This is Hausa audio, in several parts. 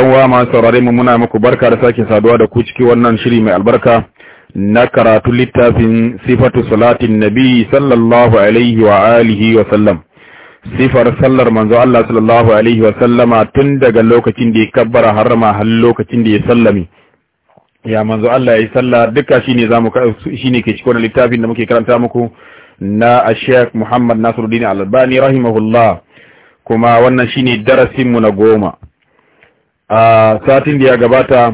wa masu saurare mu muna muku barka da sake saduwa da ku ciki wannan shiri mai albarka na karatu littafin sifatu salatin nabi sallallahu alaihi wa alihi wa sallam sifar sallar manzo Allah sallallahu alaihi wa sallama tun daga lokacin da ya kabbara harama har lokacin da ya sallami ya manzo Allah ya salla duka shine zamu shine ke cikin littafin da muke karanta muku na Sheikh Muhammad Nasiruddin Al-Albani rahimahullah kuma wannan shine darasin mu na goma a satin da ya gabata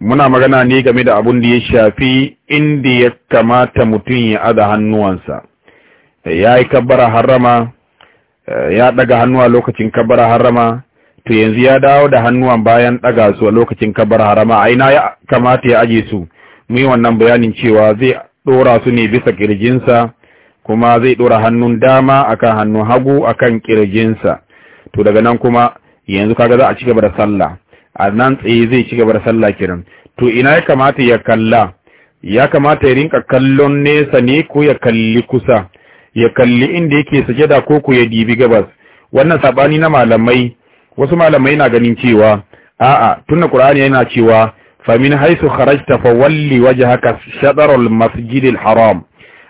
muna magana ne game da abun da ya shafi inda ya kamata mutum ya ada hannuwansa ya yi kabbara harrama ya daga hannuwa lokacin kabbara harrama to yanzu ya dawo da hannuwan bayan daga su a lokacin kabbara harrama a ina ya kamata ya aje su mu yi wannan bayanin cewa zai dora su ne bisa kirjinsa kuma zai dora hannun dama akan hannun hagu akan kirjinsa to daga nan kuma yanzu kaga za a ci gaba da sallah a nan tsaye zai ci gaba da sallah kiran to ina ya kamata ya kalla ya kamata ya rinka kallon nesa ne ko ya kalli kusa ya kalli inda yake sajada ko ko ya dibi gabas wannan sabani na malamai wasu malamai na ganin cewa a'a tunna qur'ani yana cewa fa min haythu kharajta fa walli wajhaka haka masjidil masjid haram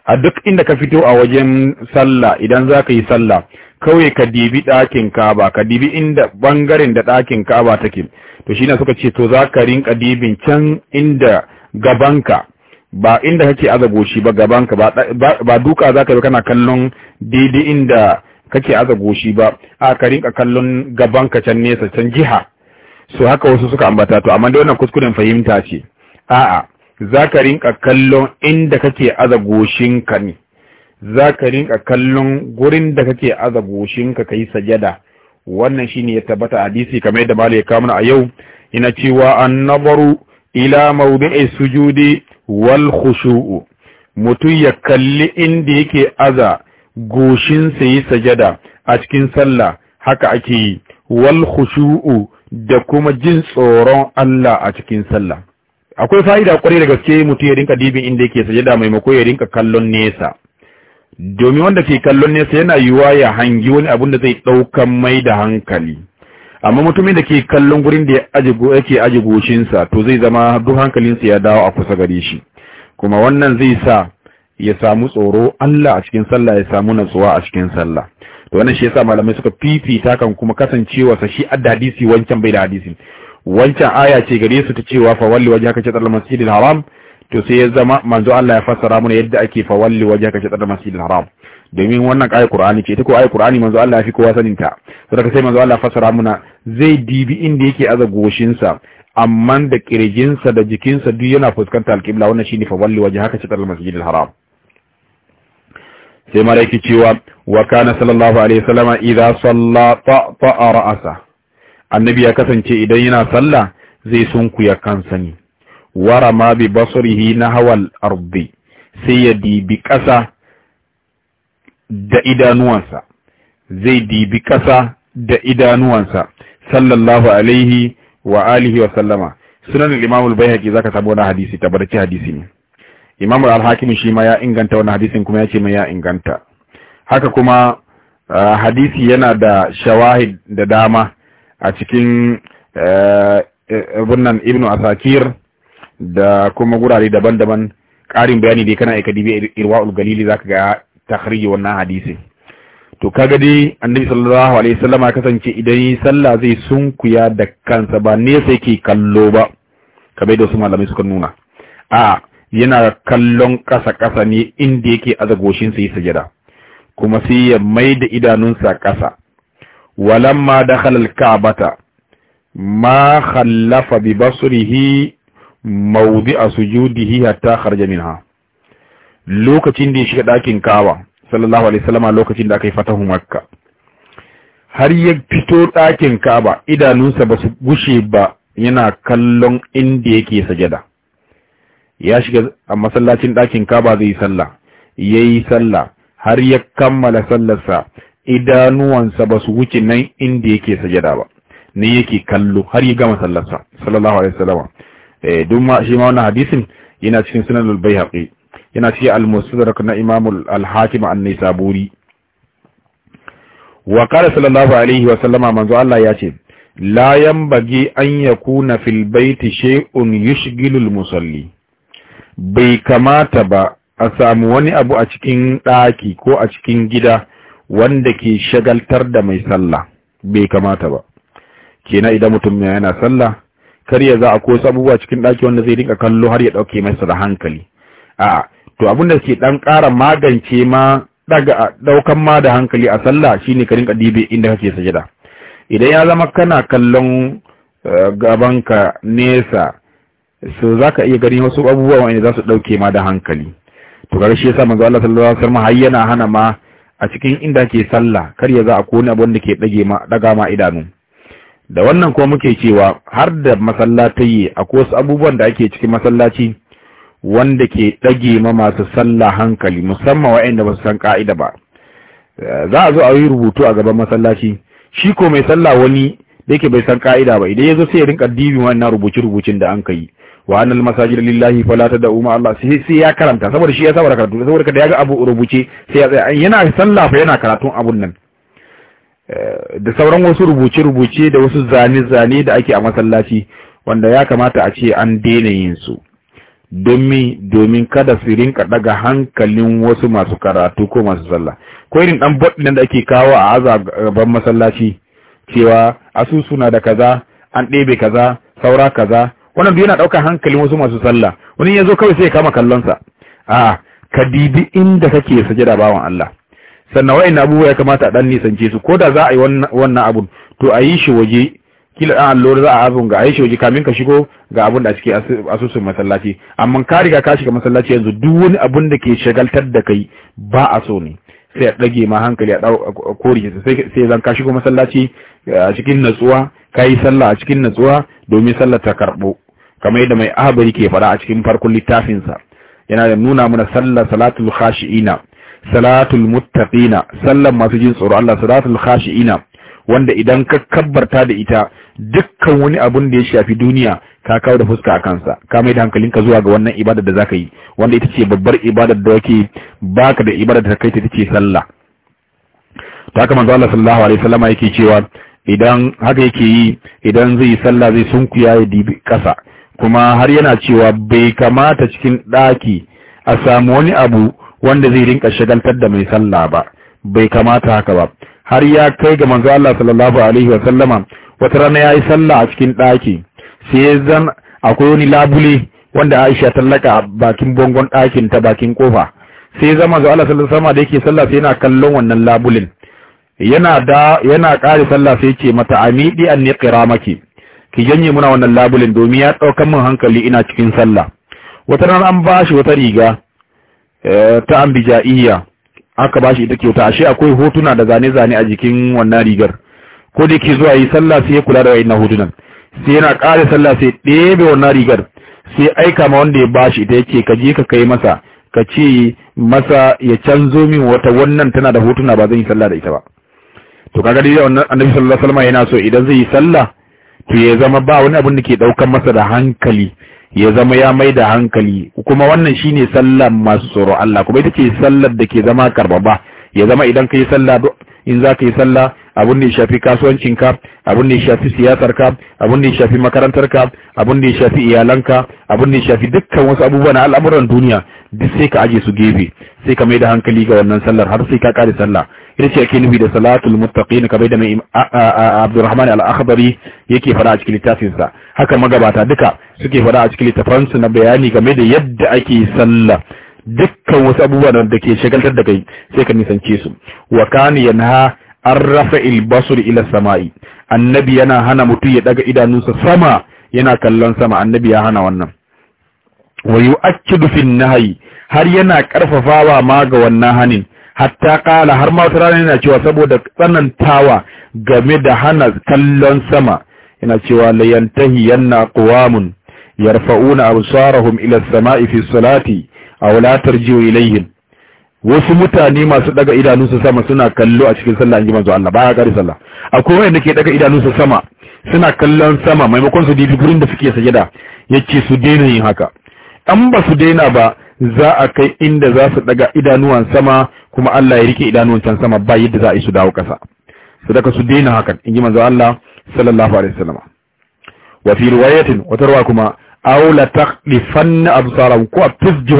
a duk inda ka fito a wajen sallah idan zaka yi sallah kawai ka dibi ɗakin Ka'aba ka dibi inda bangaren da ɗakin Ka'aba take to shi suka ce to za ka rinka dibin can inda gabanka ba inda kake azagoshi ba gabanka ba duka za ka kana kallon daidai inda kake azagoshi ba a ka rinka kallon gabanka can nesa can jiha su haka wasu suka ambata to amma da wannan kuskuren fahimta ce a'a za ka rinka kallon inda kake azagoshinka ne za ka rinka kallon gurin da kake azagoshinka ka yi sajada wannan shine ya tabbata hadisi kamar yadda malai ya kawo mana a yau ina cewa annabaru ila mawdi'i sujudi wal khushu'u mutum ya kalli inda yake aza goshin sa yi sajada a cikin sallah haka ake yi wal khushu'u da kuma jin tsoron Allah a cikin sallah akwai fa'ida kwarai da gaske mutum ya rinka dibin inda yake sajada maimako ya rinka kallon nesa domin wanda ke kallon nesa yana yiwuwa ya hangi wani abin da zai ɗaukan mai da hankali amma mutumin da ke kallon gurin da yake aji goshinsa to zai zama duk hankalinsa ya dawo a kusa gare shi kuma wannan zai sa ya samu tsoro Allah a cikin sallah ya samu natsuwa a cikin sallah to wannan shi yasa malamai suka fifita kan kuma kasancewa sa shi adda hadisi wancan bai da hadisi wancan aya ce gare su ta cewa fa walli wajhaka shatar al-masjidil haram to sai ya zama manzo Allah ya fassara mana yadda ake fawalli wajhaka tsada masjidil haram domin wannan ayi qur'ani ce ita ko ayi qur'ani manzo Allah ya fi kowa sanin ta saboda sai manzo Allah ya fassara mana zai dibi inda yake aza goshin sa amma da kirjin sa da jikin sa duk yana fuskantar alqibla wannan shine fawalli wajhaka tsada masjidil haram sai malaiki cewa wa kana sallallahu alaihi wasallama idza salla ta ra'asa annabi ya kasance idan yana sallah zai sunkuya kansa ne warama bi na hawal ardi sai ya dibi ƙasa da idanuwansa zai dibi ƙasa da idanuwansa sallallahu alaihi wa alihi wa sallama sunan al-imam al-baihaqi zaka samu wannan hadisi tabbaci hadisi ne imam al-hakim shi ma ya inganta wannan hadisin kuma yace mai ya inganta haka kuma hadisi yana da shawahid da dama a cikin eh, eh, Ibn ibnu asakir da kuma gurare daban-daban ƙarin bayani dai kana aika dibi irwa'ul galili zaka ga takhriji wannan hadisi to kaga dai annabi sallallahu alaihi wasallama kasance idan yi sallah zai sunkuya da kansa ba ne sai ke kallo ba kamar da wasu malamai suka nuna a yana kallon ƙasa ƙasa ne inda yake azagoshin sai sajada kuma sai ya mai da idanunsa ƙasa walamma dakhala ka kabata ma khallafa bi basrihi a sujudi sujudihi hatta kharja minha lokacin da ya shiga dakin kawa sallallahu alaihi wasallam lokacin da aka yi fatahu makka har ya fito dakin kaaba idanunsa ba su gushe ba yana kallon inda yake sajada ya shiga a masallacin dakin kaba zai sallah yayi sallah har ya kammala sallarsa idanuwansa ba su wuce nan inda yake sajada ba ne yake kallo har ya gama sallarsa sallallahu alaihi wasallam Eh, duk ma shi wannan hadisin yana cikin sunan al-baihaqi yana cikin al-mustadrak na imam al-hakim an-nisaburi wa qala sallallahu alaihi wa sallama manzo Allah ya ce layan bagi an yakuna fil baiti shay'un yushghilu al-musalli bai kamata ba a samu wani abu a cikin ɗaki ko a cikin gida wanda ke shagaltar da mai sallah bai kamata ba kenan idan mutum yana sallah kar ya za a ko abubuwa cikin ɗaki wanda zai dinga kallo har ya ɗauke masa da hankali a to abin da ke ɗan ƙara magance ma daga ɗaukan ma da hankali a sallah shine ka rinka dibe inda kake sajada idan ya zama kana kallon eh, gaban ka nesa so zaka iya gani wasu abubuwa wanda za su ɗauke ma da hankali to ga shi yasa manzo Allah sallallahu alaihi wasallam hayyana hana ma a cikin inda ke sallah kar ya za a kone abin da ke dage ma daga ma idanu da wannan kuma muke cewa har da masallatai akwai wasu abubuwan da ake cikin masallaci wanda ke dage ma masu sallah hankali musamman waɗanda ba su san ƙa'ida ba za a zo a yi rubutu a gaban masallaci shi ko mai sallah wani da yake bai san ka'ida ba idan ya zo sai ya rinka dibin wannan rubuce-rubucin da an kai wa annal masajid lillahi fala tad'u ma Allah sai sai ya karanta saboda shi ya saba karatu saboda kada ya ga abu rubuce sai ya tsaya yana sallah fa yana karatun abun nan Eh, da sauran wasu rubuce-rubuce da wasu zane-zane da ake a masallaci wanda ya kamata a ce an daina yin su domin domin kada su rinka daga hankalin wasu masu karatu ko masu sallah ko irin dan bodin da ake kawo a aza gaban masallaci cewa asusuna da kaza an ɗebe kaza saura kaza wannan duk yana ɗaukar hankalin wasu masu sallah wani ya zo kawai sai ya kama sa, a ka dibi inda kake sajada bawan Allah sannan wa'in abubuwa ya kamata a ɗan nisance su ko da za a yi wannan abun to a yi shi waje kila ɗan allo za a abun ga a yi shi waje kamin ka shigo ga abun da a cikin asusun masallaci amma ka riga ka shiga masallaci yanzu duk wani abun da ke shagaltar da kai ba a so ne sai a ɗage ma hankali a kori sai zan ka shigo masallaci a cikin natsuwa ka yi sallah a cikin natsuwa domin sallah ta karɓo kamar yadda mai ahabari ke fara a cikin farkon littafinsa yana da nuna mana sallah salatul khashi'ina salatul muttaqina sallan masu jin tsoro Allah salatul khashiina wanda idan ka kabbarta da ita dukkan wani abun da ya shafi duniya ka kawo da fuska a kansa ka mai da hankalinka zuwa ga wannan ibadar da zaka yi wanda ita ce babbar ibadar da wake baka da ibadar da kai ta ce sallah ta haka manzo Allah sallallahu alaihi wasallama yake cewa idan haka yake yi idan zai sallah zai sunkuya ya dibi kasa kuma har yana cewa bai kamata cikin daki a samu wani abu wanda zai rinka shagaltar da mai sallah ba bai kamata haka ba har ya kai ga manzo Allah sallallahu alaihi wa sallama wata rana yayi sallah a cikin daki sai zan akwai wani labule wanda Aisha ta laka bakin bangon ɗakin ta bakin kofa sai zama manzo Allah sallallahu alaihi wa sallama da yake sallah sai yana kallon wannan labulin yana da yana kare sallah sai ce mata amidi an niqiramaki ki janye muna wannan labulin domin ya daukan min hankali ina cikin sallah wata rana an bashi wata riga Eh, ta ambijaiya aka ba shi ita kyauta ashe akwai hotuna da zane-zane a jikin wannan rigar ko da ke zuwa yi sallah sai ya kula da na hotunan sai yana ƙara sallah sai ɗebe wannan rigar sai aika ma wanda ya ba shi ita yake ka je ka kai masa ka ce masa ya canzo min wata wannan tana da hotuna ba zan yi sallah da ita ba to kaga dai wannan annabi sallallahu alaihi wasallam yana so idan zai yi sallah to ya zama ba wani abin da ke daukan masa da hankali ya zama ya mai da hankali kuma wannan shine sallar masu tsoro Allah kuma ita ce sallar da ke zama karbaba ya zama idan ka yi sallah in za ka yi sallah abun da ya shafi kasuwancinka abun da ya shafi siyasarka abun da ya shafi makarantarka abun da ya shafi iyalanka abun da ya shafi dukkan wasu abubuwa na al'amuran duniya duk sai ka aje su gefe sai ka mai da hankali ga wannan sallar har sai ka kare sallah ita ce ake nufi da salatul muttaqin ka da mai Abdurrahman al-Akhdari yake fara a cikin littafin sa haka magabata duka suke fara a cikin littafin su na bayani game da yadda ake sallah dukkan wasu abubuwan da ke shagaltar da kai sai ka nisance su wa kana yanha an rafa ilbasur ila sama'i annabi yana hana mutum ya daga idanunsa sama yana kallon sama annabi ya hana wannan wa yu'akkidu fi nahyi har yana karfafawa ma ga wannan hannun, hatta kala har ma rana yana cewa saboda tsanantawa game da hana kallon sama yana cewa la yantahi yanna qawamun yarfa'una absarahum ila as-sama'i fi as-salati aw la tarji'u ilayhim wasu mutane masu daga idanunsu sama suna kallo a cikin sallah inji manzo Allah baya kare sallah akwai wanda ke daga idanunsu sama suna kallon sama maimakon su dibi gurin da suke sajada yace su daina yin haka an ba su daina ba za a kai inda za su daga idanuwan sama kuma Allah ya rike idanuwan can sama ba yadda za a yi su dawo kasa sadaka su daina hakan in ji manzo Allah sallallahu alaihi wasallam wa fi riwayatin wata ruwa kuma aw la taqlifanna absarahum ko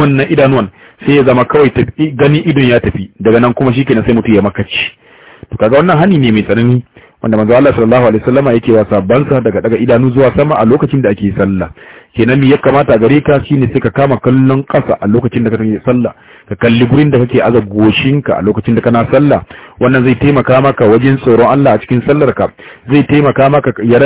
na idanuwan sai ya zama kawai tafi gani idon ya tafi daga nan kuma shikenan sai mutu ya makaci to kaga wannan hani ne mai tsanani wanda manzo Allah sallallahu alaihi wasallam yake wasa bansa daga daga idanu zuwa sama a lokacin da ake sallah kenan me ya kamata gare ka ne sai ka kama kallon ƙasa a lokacin da kake sallah ka kalli gurin da kake aza ka a lokacin da kana sallah wannan zai taimaka maka wajen tsoron Allah a cikin sallar ka zai taimaka maka ya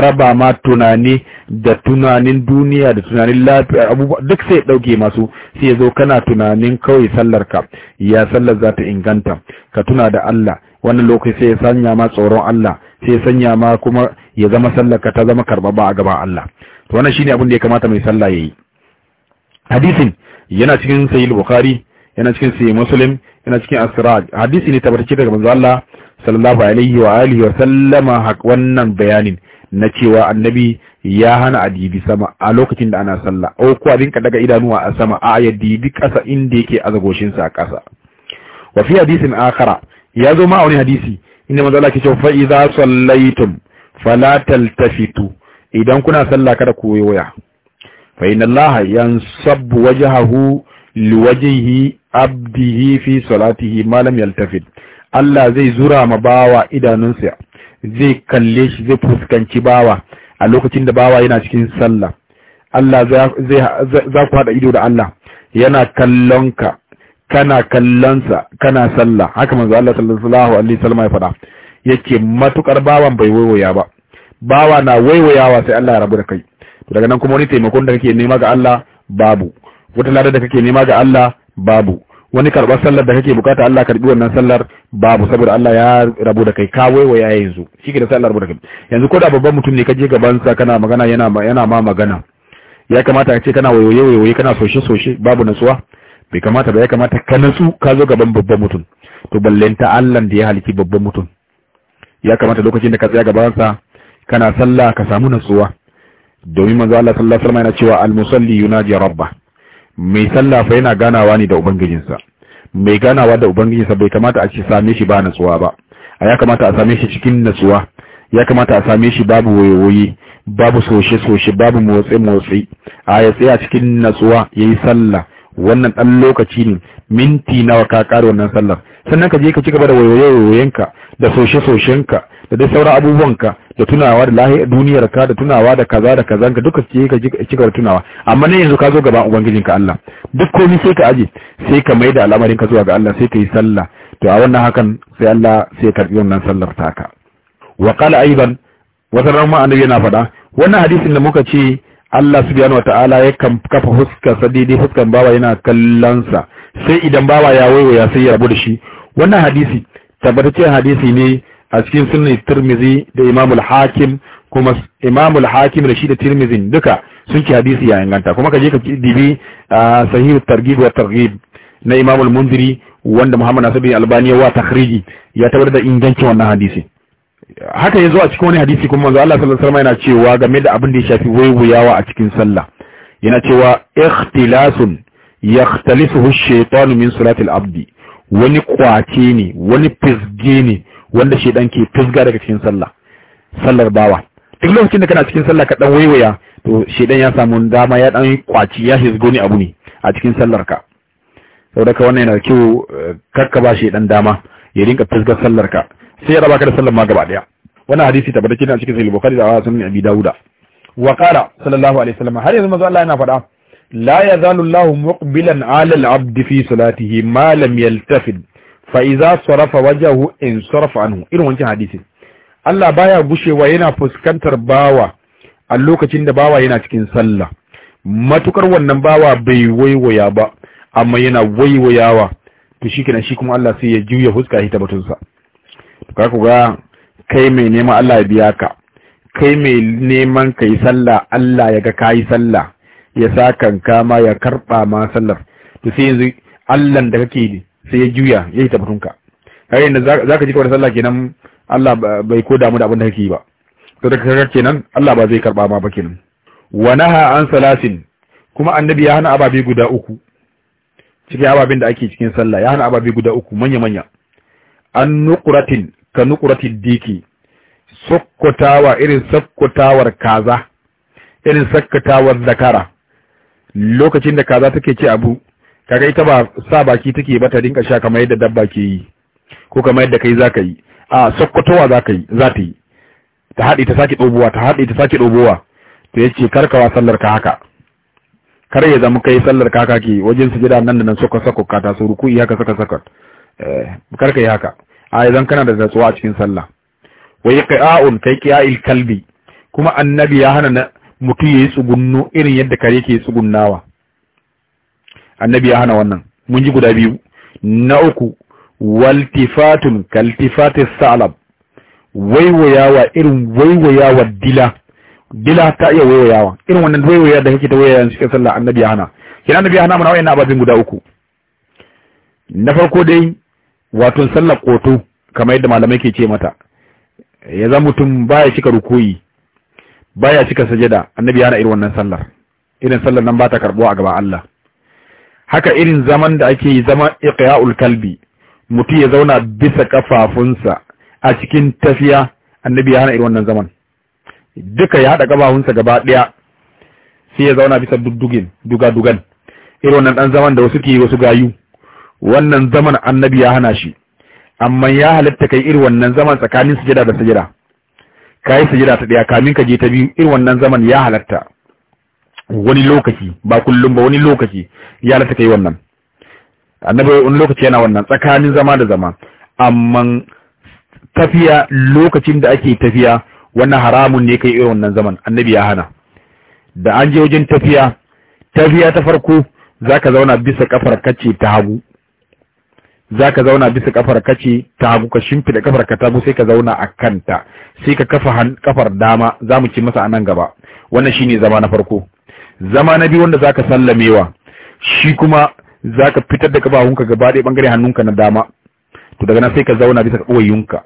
raba ma tunani da tunanin duniya da tunanin lafiya abubuwa duk sai dauke masu sai ya zo kana tunanin kawai sallar ka ya sallar za ta inganta ka tuna da Allah wannan lokaci sai ya sanya ma tsoron Allah sai ya sanya ma kuma ya zama sallar ka ta zama ba a gaban Allah to wannan shine abin da ya kamata mai sallah yayi hadisin yana cikin sahih bukhari yana cikin sahih muslim yana cikin asrar hadisi ne tabbatacce daga manzo Allah sallallahu alaihi wa alihi wa sallama wannan bayanin na cewa annabi ya hana adibi sama a lokacin da ana sallah au ko abin ka daga idanuwa a sama a yadidi kasa inda yake azagoshin sa a kasa wa fi hadisin akhara ya zo ma wani hadisi inda manzo ke cewa fa idza sallaitum fala taltafitu idan kuna sallah kada ku yi waya fa inna allaha yansabbu wajhahu liwajhihi abdihi fi salatihi ma lam yaltafit Allah zai zura ma bawa idanunsa zai kalle shi zai fuskanci bawa a lokacin da bawa yana cikin sallah Allah za ku haɗa ido da Allah yana kallonka kana kallonsa kana sallah haka manzo Allah sallallahu alaihi wasallam ya faɗa yake matukar bawan bai wayoya ba bawa na waiwayawa sai Allah ya rabu da kai to daga nan kuma wani taimakon da kake nema ga Allah babu wata ladar da kake nema ga Allah babu wani karɓar sallar da kake bukata Allah karɓi wannan sallar babu saboda Allah ya rabu da kai ka waiwaya yanzu shi da sallar rabu da kai yanzu ko da babban mutum ne ka je gaban sa kana magana yana yana ma magana ya kamata ka ce kana waiwaye waiwaye kana soshe soshe babu natsuwa bai kamata ba ya kamata ka natsu ka zo gaban babban mutum to ballenta Allah da ya halki babban mutum ya kamata lokacin da ka tsaya gaban sa kana sallah ka samu natsuwa domin manzo Allah sallallahu alaihi wasallam cewa al-musalli yunaji rabba mai sallah fa yana ganawa ne da ubangijinsa mai ganawa da ubangijinsa bai kamata a ci same shi ba natsuwa ba a ya kamata a same shi cikin natsuwa ya kamata a same shi babu wayoyi babu soshe soshe babu motsi motsi a ya tsaya cikin natsuwa yayi sallah wannan dan lokaci ne minti nawa ka kare wannan sallar sannan ka je ka ci gaba da wayoyoyenka da soshe-soshenka da dai sauran abubuwanka da tunawa da lahiyar duniyarka da tunawa da kaza da kazanka duka ka ci gaba da tunawa amma ne yanzu ka zo gaban ka Allah duk komai sai ka aje sai ka maida al'amarin ka zuwa ga Allah sai ka yi sallah to a wannan hakan sai Allah sai ya karbi wannan sallar taka wa qala aidan wata sarrama annabi yana faɗa wannan hadisin da muka ce Allah subhanahu wata'ala ya kafa huskar sadidi daidai bawa yana kallon sa sai idan bawa ya ya sai ya rabu da shi wannan hadisi tabbataccen hadisi ne a cikin sunan Tirmidhi da Imam al-Hakim kuma Imam al-Hakim da shi da Tirmidhi duka sun ci hadisi ya inganta kuma kaje ka dibi sahih targhib wa targhib na Imam al-Mundiri wanda Muhammad Nasir Albani ya wa takhriji ya tabbatar da ingancin wannan hadisi haka yanzu a cikin wani hadisi kuma manzo Allah sallallahu alaihi wasallam yana cewa game da abin da ya shafi waiwuyawa a cikin sallah yana cewa ikhtilasun yakhtalisuhu ash-shaytanu min salati al-abdi wani kwace ne wani fisge ne wanda shedan ke fisga daga cikin sallah sallar bawa duk lokacin da kana cikin sallah ka dan waiwaya to shedan ya samu dama ya dan kwaci ya hisgo ne abu ne a cikin sallar ka saboda ka wannan yana da kyau eh, karka ba shedan dama ya rinka fisgar sallar ka sai ya raba ka da sallar ma gaba daya wannan hadisi tabbatacce ne a cikin sahih bukhari da sunan abi dauda wa qala sallallahu alaihi wasallam har yanzu manzo Allah yana faɗa la yazalu Allahu muqbilan 'ala al-'abd fi salatihi ma lam yaltafid fa idza sarafa wajhahu in sarafa anhu irin wancan hadisi Allah baya gushewa yana fuskantar bawa a lokacin da bawa yana cikin sallah matukar wannan bawa bai waiwaya ba amma yana waiwayawa to shikenan shi kuma Allah sai ya juya huska hita batunsa ka ku ga kai mai neman Allah ya biya ka kai mai neman ka yi sallah Allah ya ga ka yi sallah ya sa kanka ma ya karɓa ma sallar to sai yanzu Allah da kake sai ya juya ya yi ka kai yanzu za ka ji kawai sallah kenan Allah bai ko damu da abin da kake yi ba to da kaga kenan Allah ba zai karɓa ma ba kenan wa naha an salasin kuma annabi ya hana ababe guda uku cikin ababen da ake cikin sallah ya hana ababe guda uku manya manya an nuqratin ka nuqratid diki sokkotawa irin sokkotawar kaza irin sokkotawar zakara lokacin da kaza take ce abu kaga ita ba sa baki take ba ta dinka sha kamar yadda dabba ke yi ko kamar yadda kai zaka yi a sokkutawa zaka yi za ta yi ta haɗe ta sake ɗobowa ta haɗe ta sake ɗobowa to yace karkawa sallar ka haka kar ya zama kai sallar ka haka ke wajen sujada nan da nan sokka sokka ta so ruku'i haka saka saka Eh, karka yi haka a idan kana da natsuwa a cikin sallah wa yi qa'un kai qiya'il kalbi kuma annabi ya hana mutum yayi tsugunno irin yadda kare ke tsugunnawa annabi ya hana wannan mun ji guda biyu na uku waltifatun kaltifatis salab waiwayawa irin waiwayawa dila dila ta iya waiwayawa irin wannan waiwayawa da kake ta waiwaya cikin sallah annabi ya hana kina annabi ya hana mana wayannan ababin guda uku na farko dai wato sallar koto kamar yadda malamai ke ce mata ya za mutum baya cika rukuyi baya cika sajada annabi yana irin wannan sallar irin sallar nan ba ta karbuwa a gaban Allah haka irin zaman da ake yi zama iqya'ul kalbi mutum ya zauna bisa kafafunsa a cikin tafiya annabi yana hana irin wannan zaman duka ya haɗa kafafunsa gaba daya sai ya zauna bisa dugdugin duga-dugan irin wannan dan zaman da wasu ke wasu gayu wannan zaman annabi ya hana shi amma ya halatta kai irin wannan zaman tsakanin sujada da sujada kai sujada ta daya kamin ka je ta biyu irin wannan zaman ya halatta wani lokaci ba kullum ba wani lokaci ya halatta kai wannan annabi wani lokaci yana wannan tsakanin zama da zama amma tafiya lokacin da ake tafiya wannan haramun ne kai irin wannan zaman annabi ya hana da an je wajen tafiya tafiya ta farko zaka zauna bisa kafar kace ta hagu za ka zauna bisa kafar kace ta hagu ka shimfida kafar ka tagu sai ka zauna a kanta sai ka kafa kafar dama za mu ci masa a gaba wannan shine zama na farko zama na biyu wanda za ka sallamewa shi kuma za ka fitar da kafahunka gaba ɗaya bangare hannunka na dama to daga nan sai ka zauna bisa ƙawayunka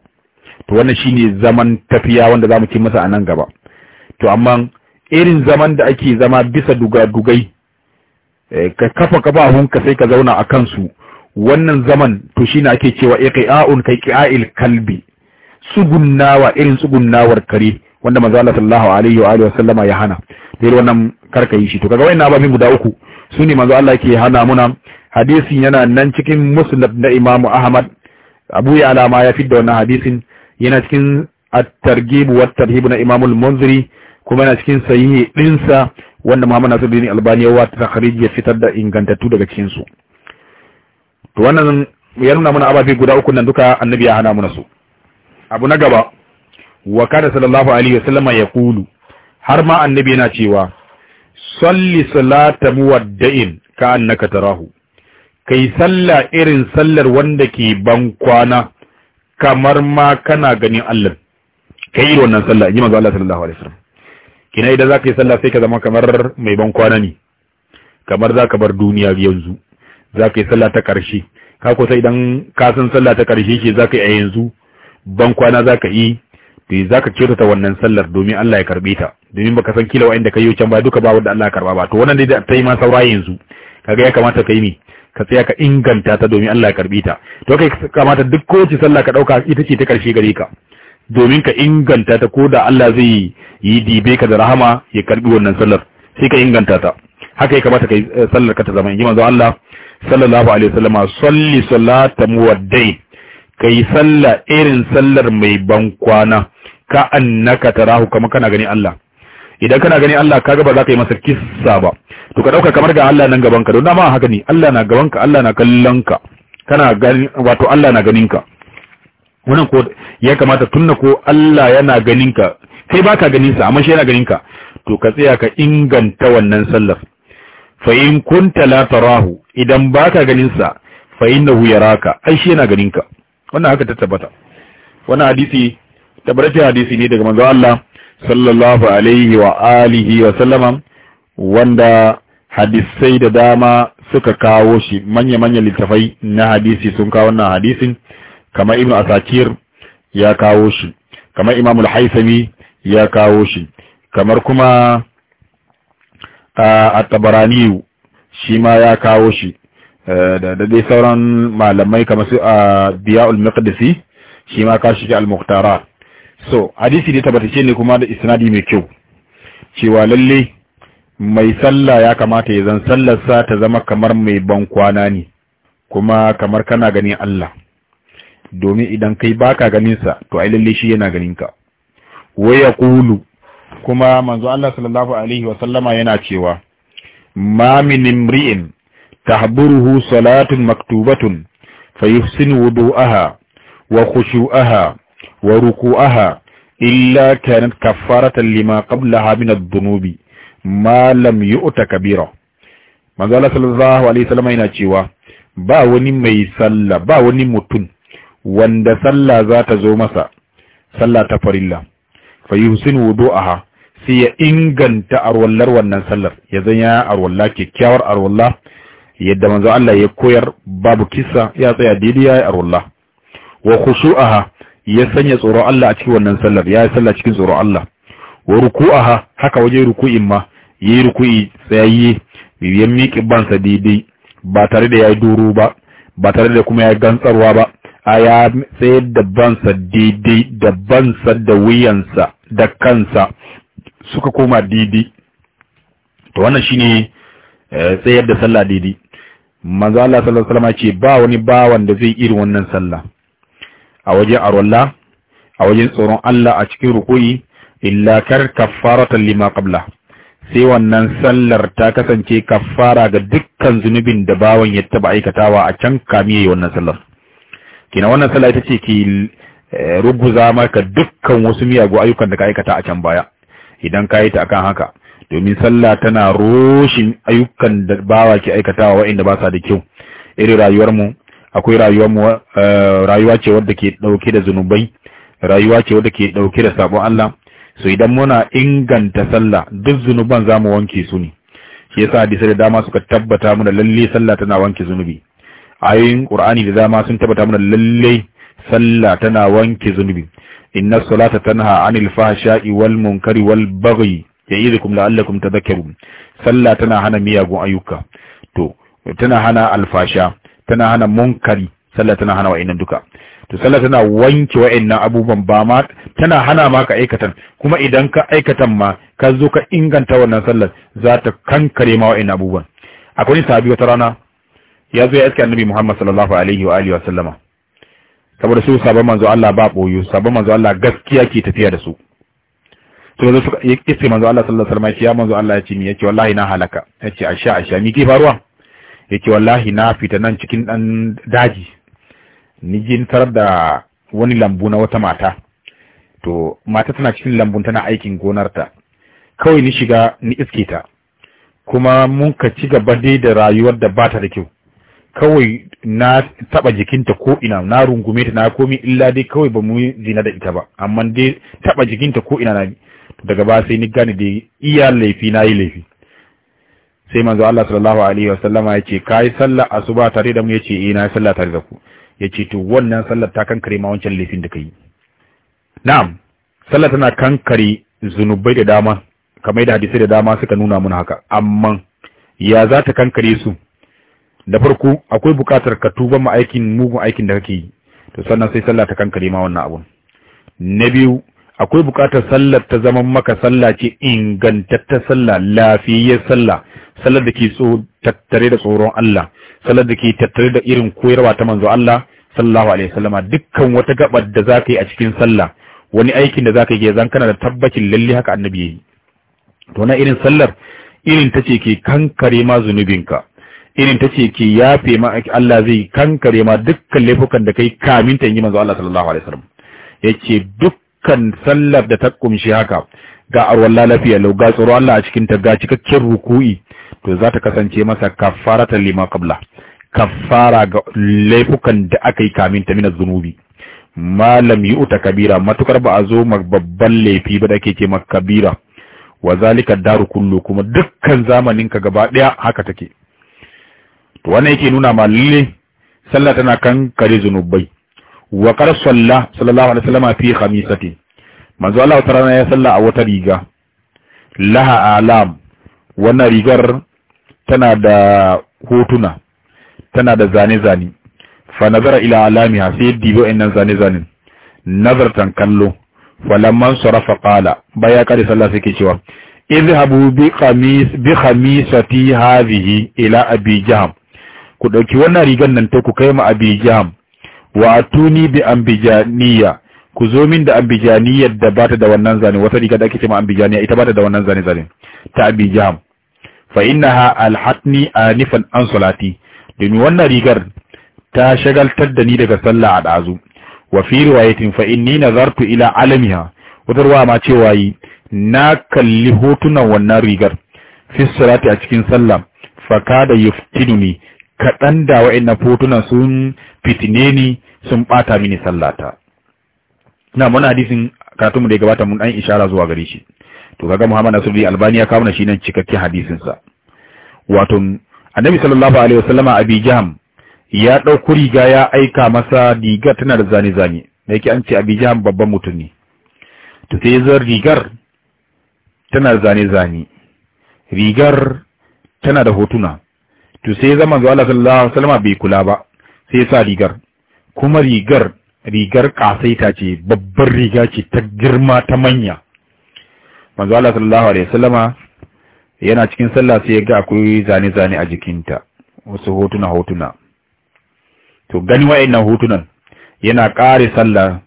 to wannan shine zaman tafiya wanda za mu ci masa a gaba to amma irin zaman da ake zama bisa duga-dugai, eh, ka kafa kafafunka sai ka zauna a kansu wannan zaman to shine ake cewa iqa'un kai qa'il kalbi tsugunnawa irin sugunnawar kare wanda manzo Allah sallallahu alaihi wa alihi wasallama ya hana dai wannan karka yi shi to kaga wayannan ababin guda uku sune manzo Allah yake hana muna hadisin yana nan cikin musnad na Imam Ahmad Abu Ya'la ma ya fidda wannan hadisin yana cikin at-targhib wa at-tarhib na Imam al-Munziri kuma yana cikin sahihi dinsa wanda Muhammad Nasiruddin Albani ya wata takhrij ya fitar da ingantattu daga cikin su to wannan ya nuna mana ababe guda uku nan duka annabi ya hana muna su abu na gaba wa kana sallallahu alaihi wasallama yaqulu har ma annabi yana cewa salli salata muwadda'in ka annaka tarahu kai salla irin sallar wanda ke ban kwana kamar ma kana ganin Allah kai irin wannan salla, ji manzo Allah sallallahu alaihi wasallam kina idan zaka yi salla sai ka zama kamar mai ban kwana ne kamar zaka bar duniya yanzu za ka yi sallah ta ƙarshe ka kusa idan ka san sallah ta ƙarshe ce za ka yi a yanzu ban kwana za ka yi to za ka kyautata wannan sallar domin Allah ya karɓe ta domin baka san kila wa'anda ka yi can ba duka ba wanda Allah ya karɓa ba to wannan dai ta yi ma saura yanzu kaga ya kamata ka yi ne ka tsaya ka inganta ta domin Allah ya karɓe ta to kai kamata duk kowace sallah ka ɗauka ita ce ta ƙarshe gare ka domin ka inganta ta ko da Allah zai yi dibe ka da rahama ya karɓi wannan sallar sai ka inganta ta haka ya kamata kai eh, sallar ka ta zama yi manzo Allah sallallahu alaihi wasallama salli salata muwaddai kai salla irin sallar mai ban kwana ka annaka tarahu kamar kana gani Allah idan kana gani Allah kaga ba za ka yi masa kissa ba to ka dauka kamar ga Allah nan gaban ka don dama haka ne Allah na gaban ka Allah na kallon ka kana gani wato Allah na ganin ka wannan ko ya kamata tunna ko Allah yana ganin ka kai baka ganin sa amma shi yana ganin ka to ka tsaya ka inganta wannan sallar fa in kunta la tarahu idan baka ganin sa fa innahu yaraka ai shi yana ganin ka wannan haka ta tabbata wannan hadisi tabbata hadisi ne daga manzo Allah sallallahu alaihi wa alihi wa sallama wanda hadisai da dama suka kawo shi manya manya littafai na hadisi sun kawo wannan hadisin kamar ibnu asakir ya kawo shi kamar imamul haisami ya kawo shi kamar kuma a tabaraniyu shi ma ya kawo shi da dai sauran malamai kamar su a biya ulmikadisi shi ma ka shi al-muqtara so hadisi ta tabbatace ne kuma da isnadi mai kyau cewa lalle mai sallah ya kamata ya zan sallarsa ta zama kamar mai ban kwana ne kuma kamar kana ganin Allah domin idan kai baka ganinsa, sa to ai lalle shi yana ganin ka waya kulu. kuma manzo Allah sallallahu alaihi wa sallama yana cewa ma min imri'in tahburuhu salatun maktubatun fayuhsinu wudu'aha wa khushu'aha wa ruku'aha illa kanat kaffaratan lima qablaha min adh-dhunubi ma lam yu'ta kabira manzo Allah sallallahu alaihi wa sallama yana cewa ba wani mai sallah ba wani mutum wanda sallah za ta zo masa sallah ta farilla fa yuhsinu wudu'aha sai ya inganta arwallar wannan sallar ya zanya arwalla kyakkyawar arwalla yadda manzo Allah ya koyar babu kisa ya tsaya daidai yi arwalla wa khushu'aha ya sanya tsoro Allah a cikin wannan sallar ya sallah cikin tsoro Allah wa ruku'aha haka waje ruku'in ma yayi ruku'i tsayayye ya miƙe bansa daidai ba tare da yayi duru ba ba tare da kuma yayi gantsarwa ba a ya tsayar da bansa daidai da bansa da wuyansa da kansa suka koma didi to wannan shine eh, tsayar da sallah didi manzo Allah sallallahu alaihi wasallam ce ba wani bawan da zai irin wannan sallah a wajen arwalla a wajen tsoron Allah a cikin rukuyi illa kar kaffaratan lima qabla sai wannan sallar ta kasance kaffara ga dukkan zunubin da bawan ya taba aikatawa a can kamiye wannan sallar kina wannan sallah ita ce ki eh, ruguza maka dukkan wasu miyagu ayyukan da ka aikata a can baya idan ka yi ta akan haka domin sallah tana roshin ayyukan da bawa ke aikatawa waɗanda ba sa da kyau irin rayuwarmu akwai rayuwarmu eh, rayuwa ce wadda ke ɗauke da zunubai rayuwa ce wadda ke ɗauke da sabon Allah so idan muna inganta sallah duk zunuban za mu wanke su ne shi yasa hadisai da dama suka tabbata mana lalle sallah tana wanke zunubi ayoyin qur'ani da dama sun tabbata mana lalle sallah tana wanke zunubi inna salata tanha anil fahsha'i wal munkari wal baghi ya'idukum la'allakum tadhakkarun sallah tana hana miyagun ayyuka tana hana alfasha tana hana munkari sallah tana hana duka to sallah tana wanke wa'annan abubuwan ba ma tana hana ma ka aikatan kuma idan ka aikatan ma ka zo ka inganta wannan sallar za ta kankare ma wa'annan abubuwan akwai sahabi wata rana ya zo ya iske annabi Muhammad sallallahu alaihi wa alihi wa sallama saboda su sabon manzo Allah ba boyo sabon manzo Allah gaskiya ke tafiya da su to yanzu suka yace manzo Allah sallallahu alaihi wasallam ya manzo Allah ya ce mi yace wallahi na halaka yace asha asha mi ke faruwa yace wallahi na fita nan cikin dan daji ni jin tarar da wani lambu na wata mata to mata tana cikin lambun tana aikin gonar ta kawai ni shiga ni iske ta kuma mun ka ci gaba dai da rayuwar da bata da kyau kawai na taba jikinta ko ina na rungume ta na komi illa dai kawai ba mu zina da ita ba amma dai taba jikinta ko ina na daga ba sai ni gane dai iya laifi na yi laifi sai manzo Allah sallallahu alaihi wa sallama ya ce kai sallah asuba tare da mu ya ce ina eh, sallah tare da ku ya ce to wannan sallar ta kankare ma wancan laifin da kai na'am sallah tana kankare zunubai da dama kamar da hadisi da dama suka nuna mun haka amma ya za ta kankare su da farko akwai bukatar ka tuba ma aikin mugun aikin da kake yi to sannan sai sallah ta kankare ma wannan abun na biyu akwai bukatar sallar ta zaman maka sallah ce ingantattar sallah lafiyayyar sallah sallar da ke tattare da tsoron Allah sallar da ke tattare da irin koyarwa ta manzo Allah sallallahu alaihi wasallama dukkan wata gabar da zaka yi a cikin sallah wani aikin da zaka yi zan kana da tabbacin lalle haka annabi yayi to na irin sallar irin tace ke kankare ma zunubinka irin ta ce ke yafe ma Allah zai kankare ma dukkan laifukan da kai kamin ta yi manzo Allah sallallahu alaihi wasallam yace dukkan sallar da ta kumshi haka ga arwalla lafiya lau ga tsoro Allah a cikin ta ga cikakken ruku'i to za ta kasance masa kafaratan lima qabla kafara ga laifukan da aka yi kamin ta mina zunubi malam yi uta kabira matukar ba a zo ma babban laifi ba da ake ce ma kabira wa zalika daru kullu kuma dukkan zamanin ka gaba daya haka take to wannan yake nuna ma lalle sallah tana kan kare zunubai wa qad salla sallallahu alaihi wasallam fi khamisati manzo Allah ta rana ya salla a wata riga laha alam wannan rigar tana da hotuna tana da zane zane fa nazara ila alamiha sai dibo innan zane zane nazartan kallo falamman sarafa qala baya kare sallah sai ke cewa izhabu bi khamis bi khamisati hadhihi ila ku ɗauki wannan rigar nan ta ku kai ma abijam wa atuni bi ambijaniya ku zo min da ambijaniyar da bata da wannan zane wata riga da ake ce ma ambijaniya ita ta da wannan zane zane ta abijam fa innaha alhatni anifan an salati domin wannan rigar ta shagaltar da ni daga sallah a dazu wa fi riwayatin fa inni nazartu ila alamiha wata ruwa ma cewa yi na kalli hotunan wannan rigar fi salati a cikin sallah fa kada yuftinuni kaɗan da wa'annan fotunan sun fitine ni sun ɓata mini sallata na mana hadisin karatunmu da ya gabata mun ɗan ishara zuwa gare shi to kaga Muhammad Nasiru Albani ya kawo shi nan cikakken hadisin sa wato Annabi sallallahu alaihi wasallama Abi Jahm ya ɗauku riga ya aika masa riga tana da zane zane da yake an ce Abi babban mutum ne to sai rigar tana da zane zane rigar tana da hotuna to sai zama zuwa Allah wa salama bai kula ba sai ya sa rigar kuma rigar rigar kasaita ce babbar riga ce ta girma ta manya manzo Allah sallallahu alaihi wasallama yana cikin sallah sai ya ga akwai zane-zane a jikinta wasu hotuna-hotuna to gani wa'annan hotunan yana kare sallah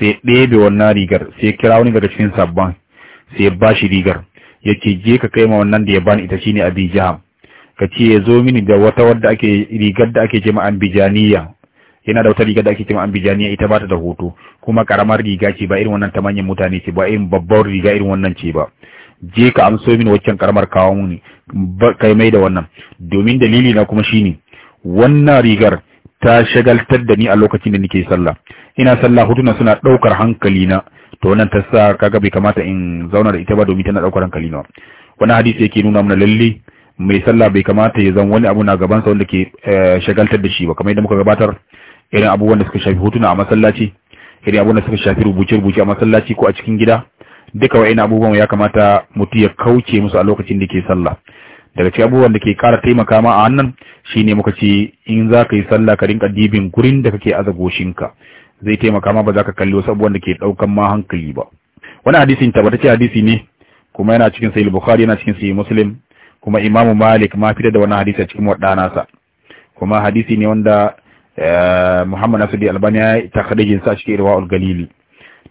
sai ɗebe wannan rigar sai kira wani daga cikin sabban sai ya bashi rigar yake je ka kai ma wannan da ya bani ita shine abi jaham ka ce ya zo mini da wata wadda ake rigar da ake an ambijaniya yana da wata rigar da ake an ambijaniya ita ba ta da hoto kuma karamar riga ce ba irin wannan ta manyan mutane ce ba irin babbar riga irin wannan ce ba je ka amso mini waccan karamar kawo muni kai mai da wannan domin dalili na kuma shine wannan rigar ta shagaltar da ni a lokacin da nake sallah ina sallah hutuna suna daukar hankali na to wannan ta sa kaga bai kamata in zauna da ita ba domin tana daukar hankali na wannan hadisi yake nuna mana lalle mai sallah bai kamata ya zan wani abu na gabansa wanda ke eh, shagaltar da shi ba kamar yadda muka gabatar irin abubuwan da suka shafi hotuna a masallaci irin abubuwan da suka shafi rubuce-rubuce a masallaci ko a cikin gida duka wa'in abubuwan ya kamata mutum ya kauce musu a lokacin da ke sallah daga cikin abubuwan da ke kara taimaka ma a wannan shine muka ce in za ka yi sallah ka rinka dibin gurin da kake aza ka. zai taimaka ma ba za ka kalli wasu abubuwan da ke daukan ma hankali ba wani hadisin tabbatacce hadisi ne kuma yana cikin sahih bukhari yana cikin sahih muslim kuma imamu malik ma fitar da wani hadisi a cikin wadanansa kuma hadisi ne wanda eh, muhammad nasudi albani ya takharijin sa cikin irwa galili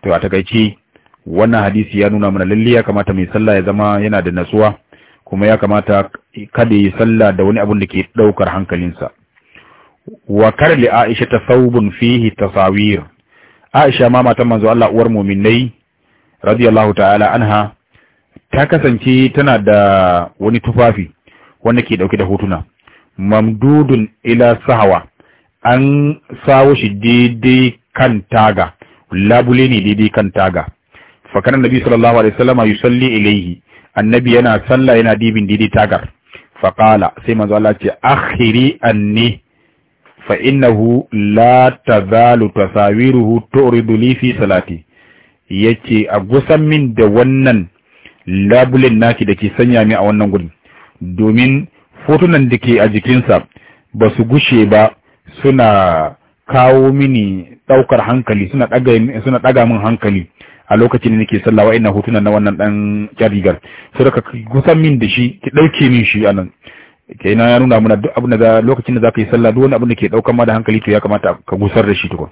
to a takaici wannan hadisi ya nuna mana lalle ya kamata mai sallah ya zama yana da natsuwa kuma ya kamata kada yi sallah da wani abun da ke ɗaukar hankalinsa wa karli ta ta saubun fihi tasawir aisha ma matan manzo Allah uwar mu'minai radiyallahu ta'ala anha ta kasance tana da wani tufafi wanda ke dauke da hotuna mamdudun ila sahawa an sawo shi daidai kan taga labule ne daidai kan taga fakanan nabi sallallahu alaihi wasallam yusalli ilaihi. annabi yana sallah yana dibin daidai tagar faqala sai manzo Allah ce akhiri anni fa innahu la tazalu tasawiruhu turidu li fi salati yace a gusan min da wannan labulin naki da ke sanya mi a wannan gudun domin fotunan da ke a jikinsa ba su gushe ba suna kawo mini daukar hankali suna daga min hankali a lokacin da nake sallawa ina hotuna na wannan dan kyarigar su ka gusan min da shi ki dauke min shi anan kenan ya nuna mana duk abin da lokacin da zaka yi sallah duk wani abin da ke daukar ma da hankali to ya kamata ka gusar da shi tukun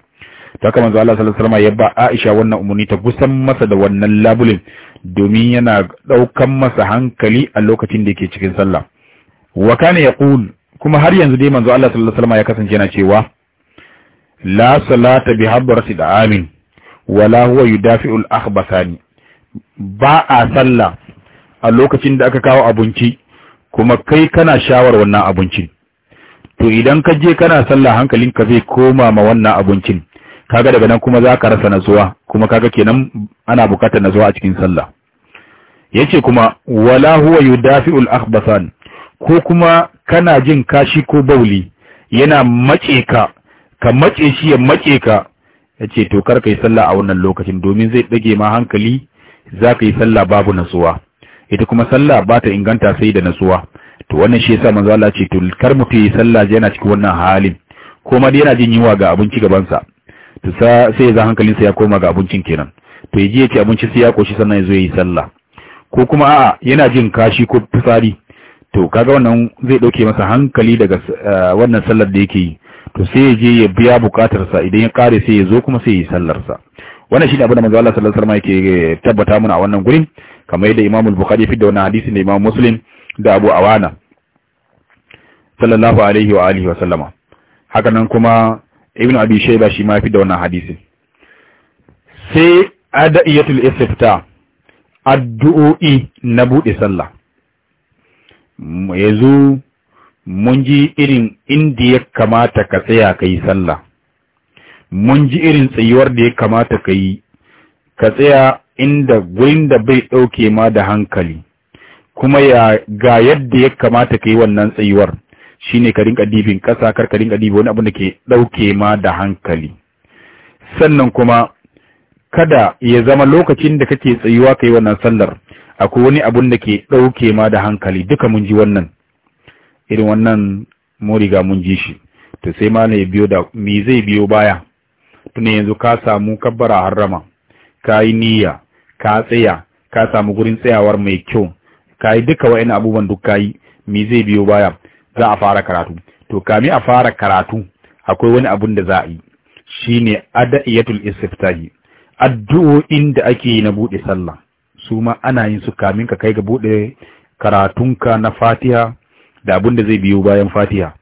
ta haka manzo Allah sallallahu alaihi wasallam ya ba Aisha wannan umarni ta gusan masa da wannan labulin domin yana ɗaukan masa hankali a lokacin da yake cikin sallah wa kana yaqul kuma har yanzu dai manzo Allah sallallahu alaihi wasallam ya kasance yana cewa la salata bi habrati wa wala huwa yudafi'u al-akhbathani ba a sallah a lokacin da aka kawo abinci kuma kai kana shawar wannan abincin to idan ka je kana sallah hankalinka zai koma ma wannan abincin kaga daga nan kuma za ka rasa nasuwa kuma kaga kenan ana bukatar nasuwa a cikin sallah yace kuma wala huwa yudafi'ul akhbasan ko kuma kana jin kashi ko bauli yana mace ka ka mace shi ya mace ka yace to kar kai sallah a wannan lokacin domin zai dage ma hankali za ka yi sallah babu nasuwa ita kuma sallah ba ta inganta sai da nasuwa to wannan shi yasa manzo Allah ce to kar mutu yi sallah yana cikin wannan halin ko ma yana jin yiwa ga abinci gaban sa to sai ya za hankalinsa ya koma ga abincin kenan to ya je ya ci abinci sai ya koshi sannan ya zo ya yi sallah ko kuma a'a yana jin kashi ko fitsari to kaga wannan zai dauke masa hankali daga eh, wannan sallar da yake yi to sai ya je ya biya sa idan ya kare sai ya zo kuma sai ya yi sallarsa wannan shine abin da manzo Allah sallallahu alaihi wasallam yake tabbata mana a wannan gurin kamar yadda Imam al-Bukhari fi da wannan hadisin da Imam Muslim da Abu Awana sallallahu alaihi wa alihi wa sallama haka nan kuma ibn abi shayba shi ma fi da wannan hadisin sai ad'iyatul istifta addu'o'i na bude sallah yanzu mun ji irin inda ya kamata ka tsaya kai sallah mun ji irin tsayuwar da ya kamata ka ka tsaya inda gurin da bai ɗauke ma da hankali kuma ya ga yadda ya kamata ka wannan tsayuwar shine ka rinka dibin ƙasa kar ka rinka wani abu da ke ɗauke ma da hankali sannan kuma kada ya zama lokacin da kake tsayuwa ka yi wannan sallar akwai wani abun da ke ɗauke ma da hankali duka mun ji wannan irin wannan mun riga mun ji shi to sai ma ya biyo da mi zai biyo baya tunda yanzu ka samu kabbara harrama ka yi niyya ka tsaya ka samu gurin tsayawar mai kyau ka yi duka wa'in abubuwan duk ka yi mi zai biyo baya za a fara karatu to kami a fara karatu akwai wani abun da za a yi shine ada'iyatul istiftahi addu'o'in da ake na bude sallah su ma ana yin su kamin ka kai ga bude karatunka na Fatiha da abun da zai biyo bayan Fatiha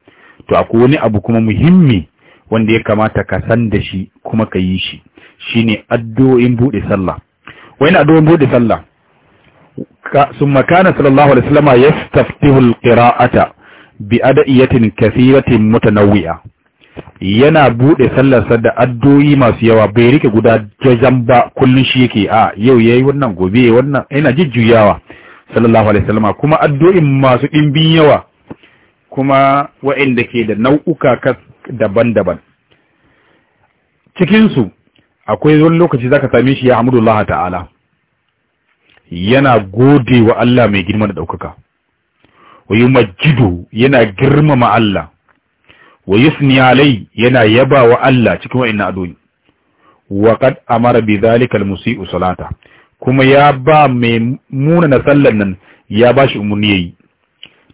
to akwai wani abu kuma muhimmi wanda ya kamata ka san da shi kuma ka yi shi shine addu'o'in bude sallah wani addu'o'in bude sallah ثم كان صلى الله عليه وسلم يستفتح bi ada'iyatin kathiratin mutanawwi'a yana bude sallarsa da addu'o'i masu yawa bai rike guda jajan ba kullun shi yake a yau yayi wannan gobe wannan yana jujjuyawa sallallahu alaihi wasallam kuma addu'o'in masu dimbin yawa kuma wa'inda ke da nau'uka daban-daban cikin su akwai wani lokaci zaka same shi ya hamdulillah ta'ala yana gode wa Allah mai girma da daukaka wa majidu yana girmama Allah wa yusni alai yana yaba wa Allah cikin wa'annan adoni. wa qad amara bi zalika al salata kuma ya ba mai muna na sallan nan ya ba shi umarni yayi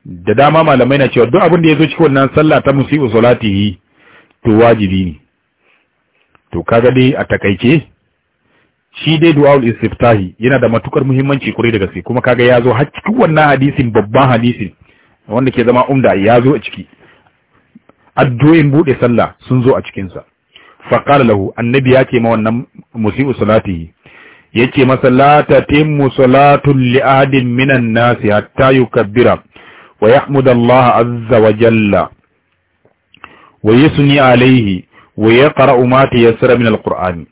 da dama malamai na cewa duk abin da zo cikin wannan sallah ta musii'u salatihi to wajibi ne to kaga dai a takaice shi dai du'aul istiftahi yana da matukar muhimmanci kuri da gaske kuma kaga yazo har cikin wannan hadisin babban hadisin wanda ke zama umda ya zo a ciki addu'in bude sallah sun zo a cikin sa fa qala lahu annabi ya ce ma wannan musiu salati yake masa la tatimmu salatul li adin minan nas hatta yukabbira wa yahmud Allah azza wa jalla wa yusni alayhi wa yaqra ma tayassara min alquran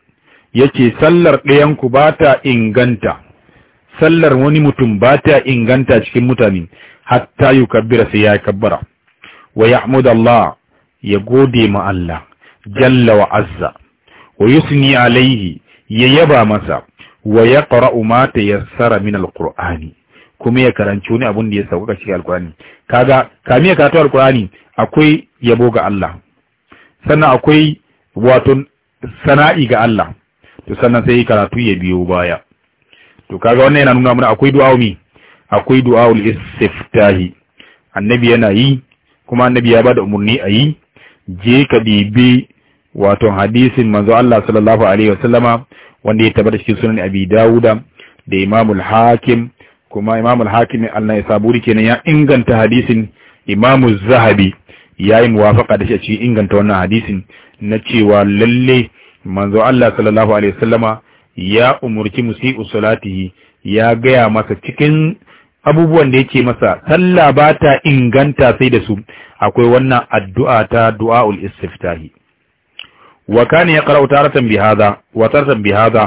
yake sallar ɗayan ku bata inganta sallar wani mutum bata inganta cikin mutane hatta yukabbira sai ya kabbara wa yahmud Allah ya gode ma Allah jalla wa azza wa yusni alaihi ya yaba masa wa umata ya tsara min alqur'ani kuma ya karanci wani abun da ya sauka cikin alqur'ani kaga kamiya karatu alqur'ani akwai yabo ga Allah sannan akwai wato sana'i ga Allah to sannan sai karatu ya biyo baya to kaga wannan yana nuna mana akwai du'a mi akwai du'aul istiftahi annabi yana yi kuma annabi ya bada umarni a yi je ka bibi wato hadisin manzo Allah sallallahu alaihi wasallama wanda ya tabbata cikin sunan Abi Dawuda da Imam al-Hakim kuma Imam al-Hakim An-Naisaburi kenan ya inganta hadisin Imam az-Zahabi yayi muwafaqa da shi a cikin inganta wannan hadisin na cewa lalle manzo Allah sallallahu alaihi wasallama ya umurci musii'u ya gaya masa cikin abubuwan da yake masa sallah ba ta inganta sai da su akwai wannan addu'a ta du'aul istiftahi wa kana yaqra'u taratan bi hadha wa taratan bi hadha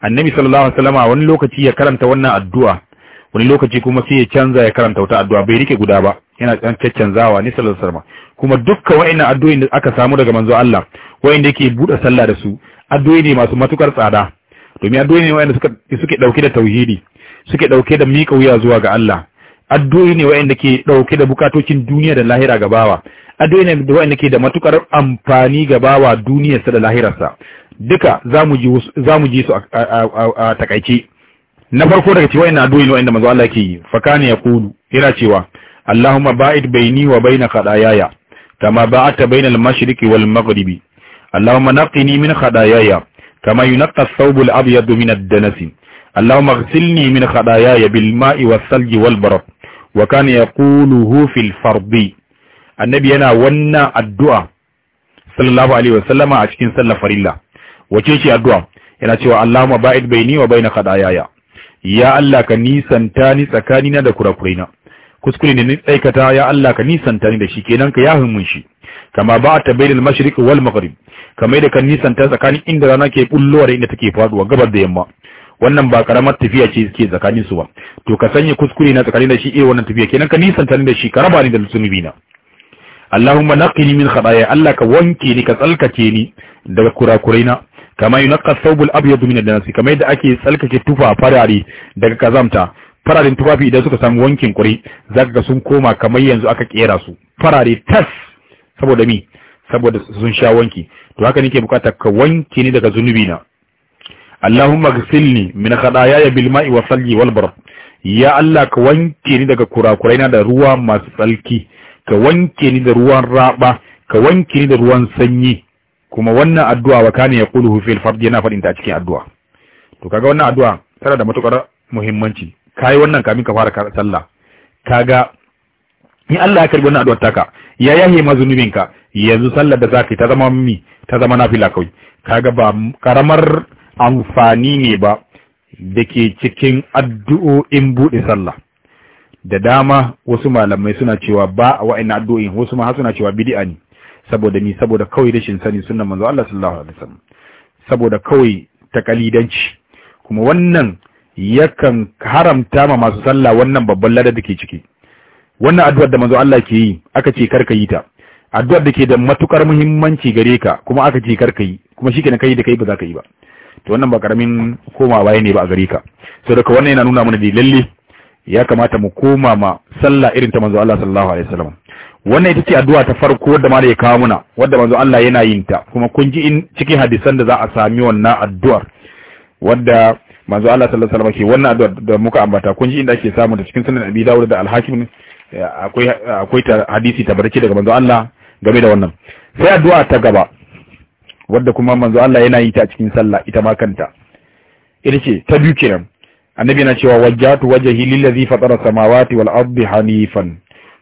annabi sallallahu alaihi wasallama wani lokaci ya karanta wannan addu'a wani lokaci kuma sai ya canza ya karanta wata addu'a bai rike guda ba yana kan caccanzawa ni sallallahu alaihi wasallama kuma dukkan wayannan addu'o'in da aka samu daga manzo Allah wayanda yake buɗe sallah da su addu'o'i ne masu matukar tsada domin addu'o'i ne wayanda suka suke dauke da tauhidi suke ɗauke da miƙa wuya zuwa ga Allah addu'o'i ne waɗanda ke ɗauke da bukatocin duniya da lahira ga bawa addu'o'i ne waɗanda ke da matukar amfani ga bawa duniyarsa da lahirarsa duka za mu ji su a takaice na farko daga cewa ina addu'o'i waɗanda manzo Allah ke yi fakani ya kulu yana cewa Allahumma ba'id baini wa baina khadayaya kama ba'ata baina na mashriqi wal maghribi Allahumma naqqini min khadayaya kama yunqqa ath-thawbu al-abyad min ad danasi اللهم اغسلني من خطاياي بالماء والثلج والبرد وكان يقوله في الفرض النبي yana wannan addu'a sallallahu alaihi wasallam a cikin sallar farilla wace ce addu'a yana cewa Allahumma ba'id baini wa baina khataayaya ya Allah ka nisanta tsakanina da kurakuraina kuskure ne ni tsaikata ya Allah ka nisanta ni da shi kenan ka yahin mun shi kama ba ta bainal mashriq wal maghrib kamar da kan nisanta tsakanin inda rana ke bullowa a inda take faduwa gabar da yamma wannan ba karamar tafiya ce ke tsakanin su ba to ka sanya kuskure na tsakanin da shi irin wannan tafiya kenan ka nisanta da shi ka raba ni da zunubi na Allahumma naqini min khataaya Allah ka wanke ni ka tsalkake ni daga kurakurai na kama yunqa thawbul abyad min ad-nas kama yadda ake tsalkake tufa farare daga kazamta fararen tufafi idan suka samu wankin kure zaka ga sun koma kamar yanzu aka kera su farare tas saboda mi saboda sun sha wanki to haka nake bukata ka wanke ni daga zunubi na Allahumma gsilni min khadayaya bil ma'i wa salji wal barad ya Allah ka wanke ni daga kurakurai na da ruwa masu tsalki ka wanke ni da ruwan raba ka wanke ni da ruwan sanyi kuma wannan addu'a wa kana yaquluhu fil fard yana fadin ta cikin addu'a to kaga wannan addu'a tana da matukar muhimmanci kai wannan kamin ka fara sallah kaga ni Allah ya karbi wannan addu'ar taka ya yahe mazunubinka yanzu sallar da zaka ta zama mi ta zama nafila kawai kaga ba karamar amfani ne ba da ke cikin addu'o'in buɗe sallah da dama wasu malamai suna cewa ba a wa'in addu'o'in wasu ma suna cewa bidi'a ne saboda ni saboda kawai rashin sani sunan manzo Allah sallallahu alaihi wasallam saboda kawai takalidanci kuma wannan yakan haramta ma masu sallah wannan babban ladar da ke ciki wannan addu'ar da manzo Allah ke yi aka ce karka yi ta addu'ar da ke da matukar muhimmanci gare ka kuma aka ce karka yi kuma shikenan kai da kai ba za ka yi ba to wannan ba karamin koma baya ne ba a gare ka sai daga wannan yana nuna mana da lalle ya kamata mu koma ma sallah irin ta manzo Allah sallallahu alaihi wasallam wannan ita ce addu'a ta farko wadda ma ya kawo muna wadda manzo Allah yana yin ta kuma kun ji in cikin hadisan da za a sami wannan addu'ar wadda manzo Allah sallallahu alaihi wasallam ke wannan addu'a da muka ambata kun ji inda ake samu ta cikin sunan Abi Dawud da Al-Hakim eh, akwai akwai ta hadisi tabbaci daga manzo Allah game da wannan sai addu'a ta gaba wadda kuma manzo Allah yana yi ta cikin sallah ita ma kanta ita ce ta biyu kenan annabi yana cewa wajjatu wajhi lillazi fatara samawati wal ardi hanifan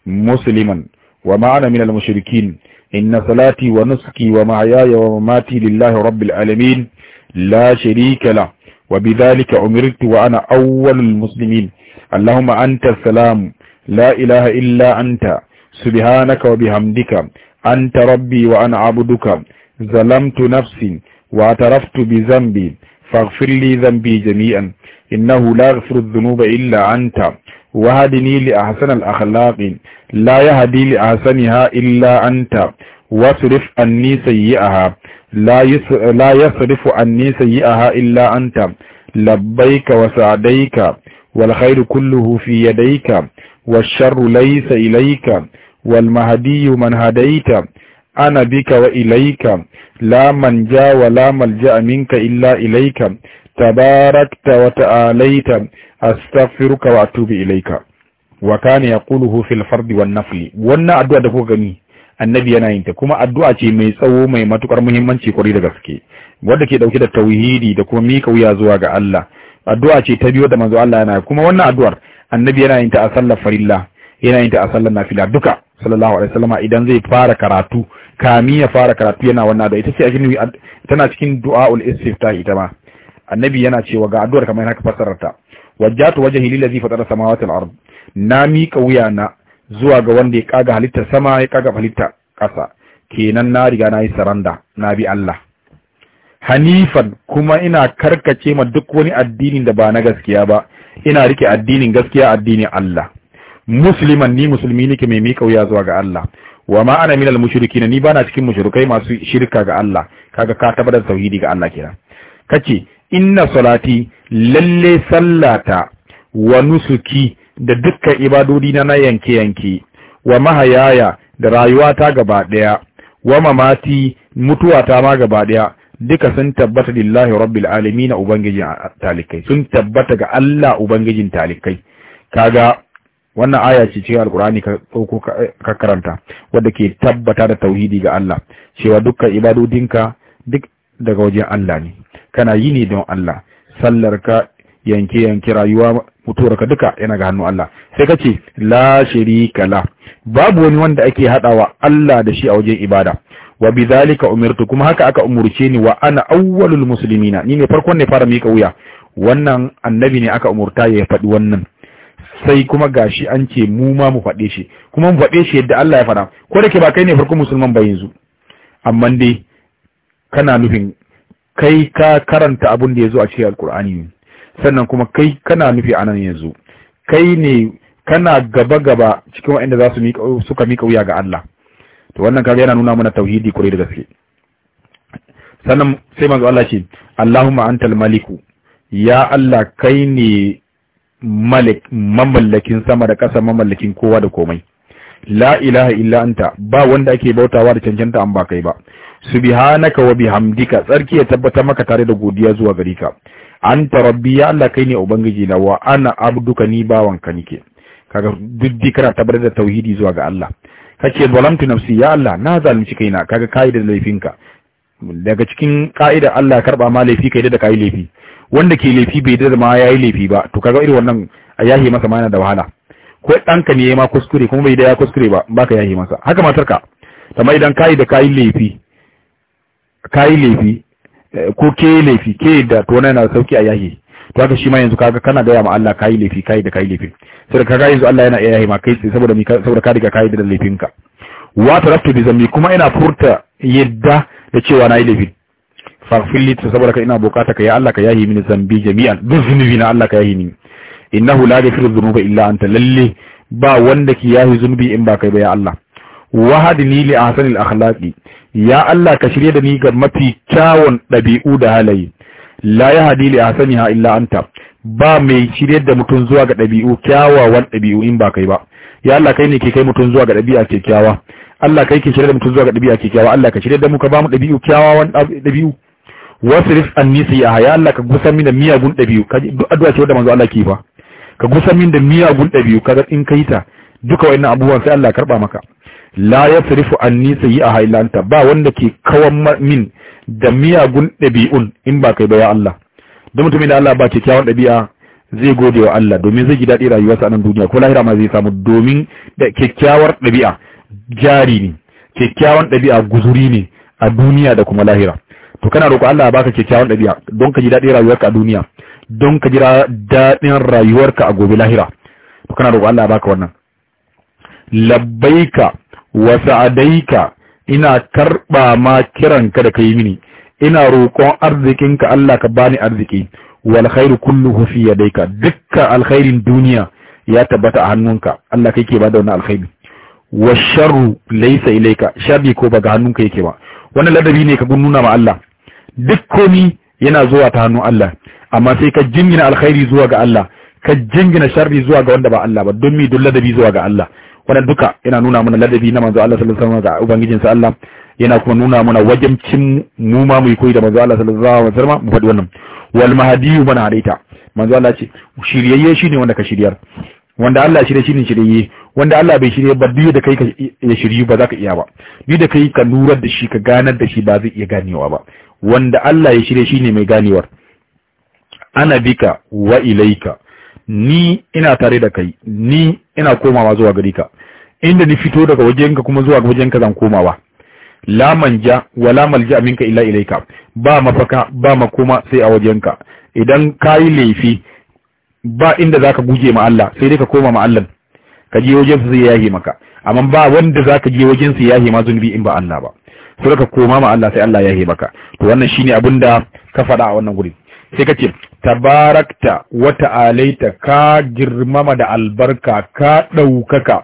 musliman wa ma'ana min al mushrikin inna salati wa nusuki wa mahyaya wa mamati lillahi rabbil alamin la sharika la wa bidhalika umirtu wa ana awwalul muslimin allahumma anta salam la ilaha illa anta subhanaka wa bihamdika anta rabbi wa ana abuduka ظلمت نفسي واعترفت بذنبي فاغفر لي ذنبي جميعا إنه لا يغفر الذنوب إلا أنت وهدني لأحسن الأخلاق لا يهدي لأحسنها إلا أنت واصرف عني سيئها لا يصرف عني سيئها إلا أنت لبيك وسعديك والخير كله في يديك والشر ليس إليك والمهدي من هديت ana bika wa ilaika la manja wa la malja illa ilaika tabarakta wa ta'alaita astaghfiruka wa atubu ilaika wa kana yaquluhu fil fardi wan nafli wannan addu'a da kuka gani annabi yana yin ta kuma addu'a ce mai tsawo mai matukar muhimmanci kwarai da gaske wanda ke dauke da tauhidi da kuma mika wuya zuwa ga Allah addu'a ce ta biyo da manzo Allah yana kuma wannan addu'ar annabi yana yin ta a sallar farilla yana yin ta a sallar nafila duka sallallahu alaihi wasallama idan zai fara karatu kami ya fara karatu yana wannan da ita ce ajin tana cikin du'aul istiftah ita ma annabi yana cewa ga addu'ar kamar haka fassarar ta wajjatu wajhi lillazi fatara samawati al-ard na mika wuya na zuwa ga wanda ya kaga halitta sama ya kaga halittar kasa kenan na riga na yi saranda na bi Allah hanifan kuma ina karkace ma duk wani addinin da ba na gaskiya ba ina rike addinin gaskiya addinin Allah musliman ni musulmi nake mai mika wuya zuwa ga Allah wa ma ana minal mushrikin ni bana cikin mushrikai masu shirka ga Allah kaga ka tabbatar tauhidi ga Allah kira kace inna salati lalle sallata wa nusuki da dukkan ibadodi na na yanke yanke wa mahayaya da rayuwata gaba daya wa mamati mutuwata ma gaba daya duka sun tabbata lillahi rabbil alamin ubangijin talikai sun tabbata ga Allah ubangijin talikai kaga wannan aya ce cikin alkur'ani ka dauko ka karanta wadda ke tabbata da tauhidi ga Allah cewa dukkan ibadodinka duk daga wajen Allah ne kana yi ne don Allah sallarka yanke yanke rayuwa mutuwarka duka yana ga hannun Allah sai kace la sharika la babu wani wanda ake hadawa Allah da shi a wajen ibada wa bidhalika umirtu kuma haka aka umurce ni wa ana awwalul muslimina ni ne farkon ne fara mika wuya wannan annabi ne aka umurta ya faɗi wannan sai kuma gashi an ce mu ma mu faɗe shi kuma mu faɗe shi yadda Allah ya faɗa ko da ke ba kai ne farkon musulman ba yanzu amma dai kana nufin kai ka karanta abin da ya zo a cikin alkur'ani sannan kuma kai kana nufi anan yanzu kai ne kana gaba gaba cikin waɗanda za su suka mika wuya ga Allah to wannan kaga yana nuna mana tauhidi kure da gaske sannan sai manzo Allah ce Allahumma antal maliku ya Allah kai ne malik mamallakin sama da ƙasa mamallakin kowa da komai la ilaha illa anta ba wanda ake bautawa da cancanta an ba kai ba subhanaka wa bihamdika tsarki ya tabbata maka tare da godiya zuwa gari ka anta rabbi ya Allah kai ne ubangiji na wa ana abduka ni bawan ka nike kaga duk dikara tabbatar da tauhidi zuwa ga Allah kace zalamtu nafsi ya Allah na zalunci kaina kaga kai da laifinka daga cikin ka'ida Allah karba ma laifi kai da kai laifi wanda ke laifi bai da ma ya yi laifi ba to kaga irin wannan a yahi masa ma yana da wahala ko ɗanka ne ya ma kuskure kuma bai da ya kuskure ba ka yahi masa haka matarka mai idan kayi da kayi laifi kayi laifi eh, ko ke laifi ke da to wani yana da sauki a yahi to haka shi ma yanzu kaga kana gaya ma Allah kayi laifi kayi da kayi laifi sai kaga yanzu Allah yana iya yahi ma kai saboda mi saboda ka riga kayi da laifinka wa taraktu bi zambi kuma ina furta yadda da cewa na yi laifi faghfirli to saboda kai ina bukata ka ya Allah ka yahi mini zambi jami'an duk zunubi na Allah ka yahi ni innahu la yaghfiru dhunuba illa anta lalle ba wanda ki yahi zunubi in ba kai ba ya Allah wahadni li ahsanil akhlaqi ya Allah ka shirye da ni ga mafi kyawun dabi'u da halaye la yahdi li ahsaniha illa anta ba mai shirye da mutun zuwa ga dabi'u kyawawan dabi'u in ba kai ba ya Allah kai ne ke kai mutun zuwa ga dabi'a kyakkyawa Allah kai ke shirye da mutun zuwa ga dabi'a kyakkyawa Allah ka shirye da mu ka ba mu dabi'u kyawawan dabi'u wasu wasrif nisa ya haya Allah ka gusa min da miyagun ɗabi'u ka duk addu'a ce wanda manzo Allah ke fa ka gusa min da miyagun dabi'u kaga in kai ta duka wayannan abubuwan sai Allah karba maka la yasrifu ya haya illa ta ba wanda ke kawan min da miyagun ɗabi'un in ba kai ba ya Allah don mutumin da Allah ba kyawun dabi'a zai gode wa Allah domin zai ji daɗi rayuwarsa a nan duniya ko lahira ma zai samu domin da kyakkyawar dabi'a jari ne kyakkyawan dabi'a guzuri ne a duniya da kuma lahira to kana roƙo Allah ya baka kyakkyawan ɗabi'a don ka ji daɗin rayuwarka a duniya don ka ji daɗin rayuwarka a gobe lahira to kana roƙo Allah ya baka wannan labbaika wa sa'adaika ina karɓa ma kiranka da kai mini ina roƙon arzikinka Allah ka bani arziki wal khairu kulluhu fi yadayka dukkan alkhairin duniya ya tabbata a hannunka Allah kai ke bada wannan alkhairi wa sharru laysa ilayka sharri ko ba ga hannunka yake ba wannan ladabi ne ka gununa ma Allah duk komi yana zuwa ta hannun Allah amma sai ka jingina alkhairi zuwa ga Allah ka jingina sharri zuwa ga wanda ba Allah ba don mi dun ladabi zuwa ga Allah wannan duka yana nuna mana ladabi na manzo Allah sallallahu alaihi wasallam ga ubangijin sa Allah yana kuma nuna mana wajibcin mu ma mu koyi da manzo Allah sallallahu alaihi wasallam mu faɗi wannan wal mahdi man hadaita manzo Allah ce shiriyayye shine wanda ka shiryar wanda Allah shirye shine shiryayye wanda Allah bai shirye ba duk da kai ka ya ba za ka iya ba duk da kai ka nurar da shi ka ganar da shi ba zai iya ganewa ba wanda Allah ya shirye ne mai ganewar ana bika wa ilaika ni ina tare da kai ni ina komawa zuwa gari ka inda ni fito daga wajenka kuma zuwa wajenka zan komawa ja wa wala ja minka illa ilaika ba mafaka ba makoma sai a wajenka idan ka yi laifi ba inda za ka guje ma sai dai ka koma ma Allah ka je wajensu zai yahi maka amma ba wanda za ka je wajen sa yahi ma zunubi in ba Allah ba sai ka koma ma Allah sai Allah ya yi maka to wannan shine abin da ka faɗa a wannan guri sai ka ce tabarakta wa ta'alaita ka girmama da albarka ka ɗaukaka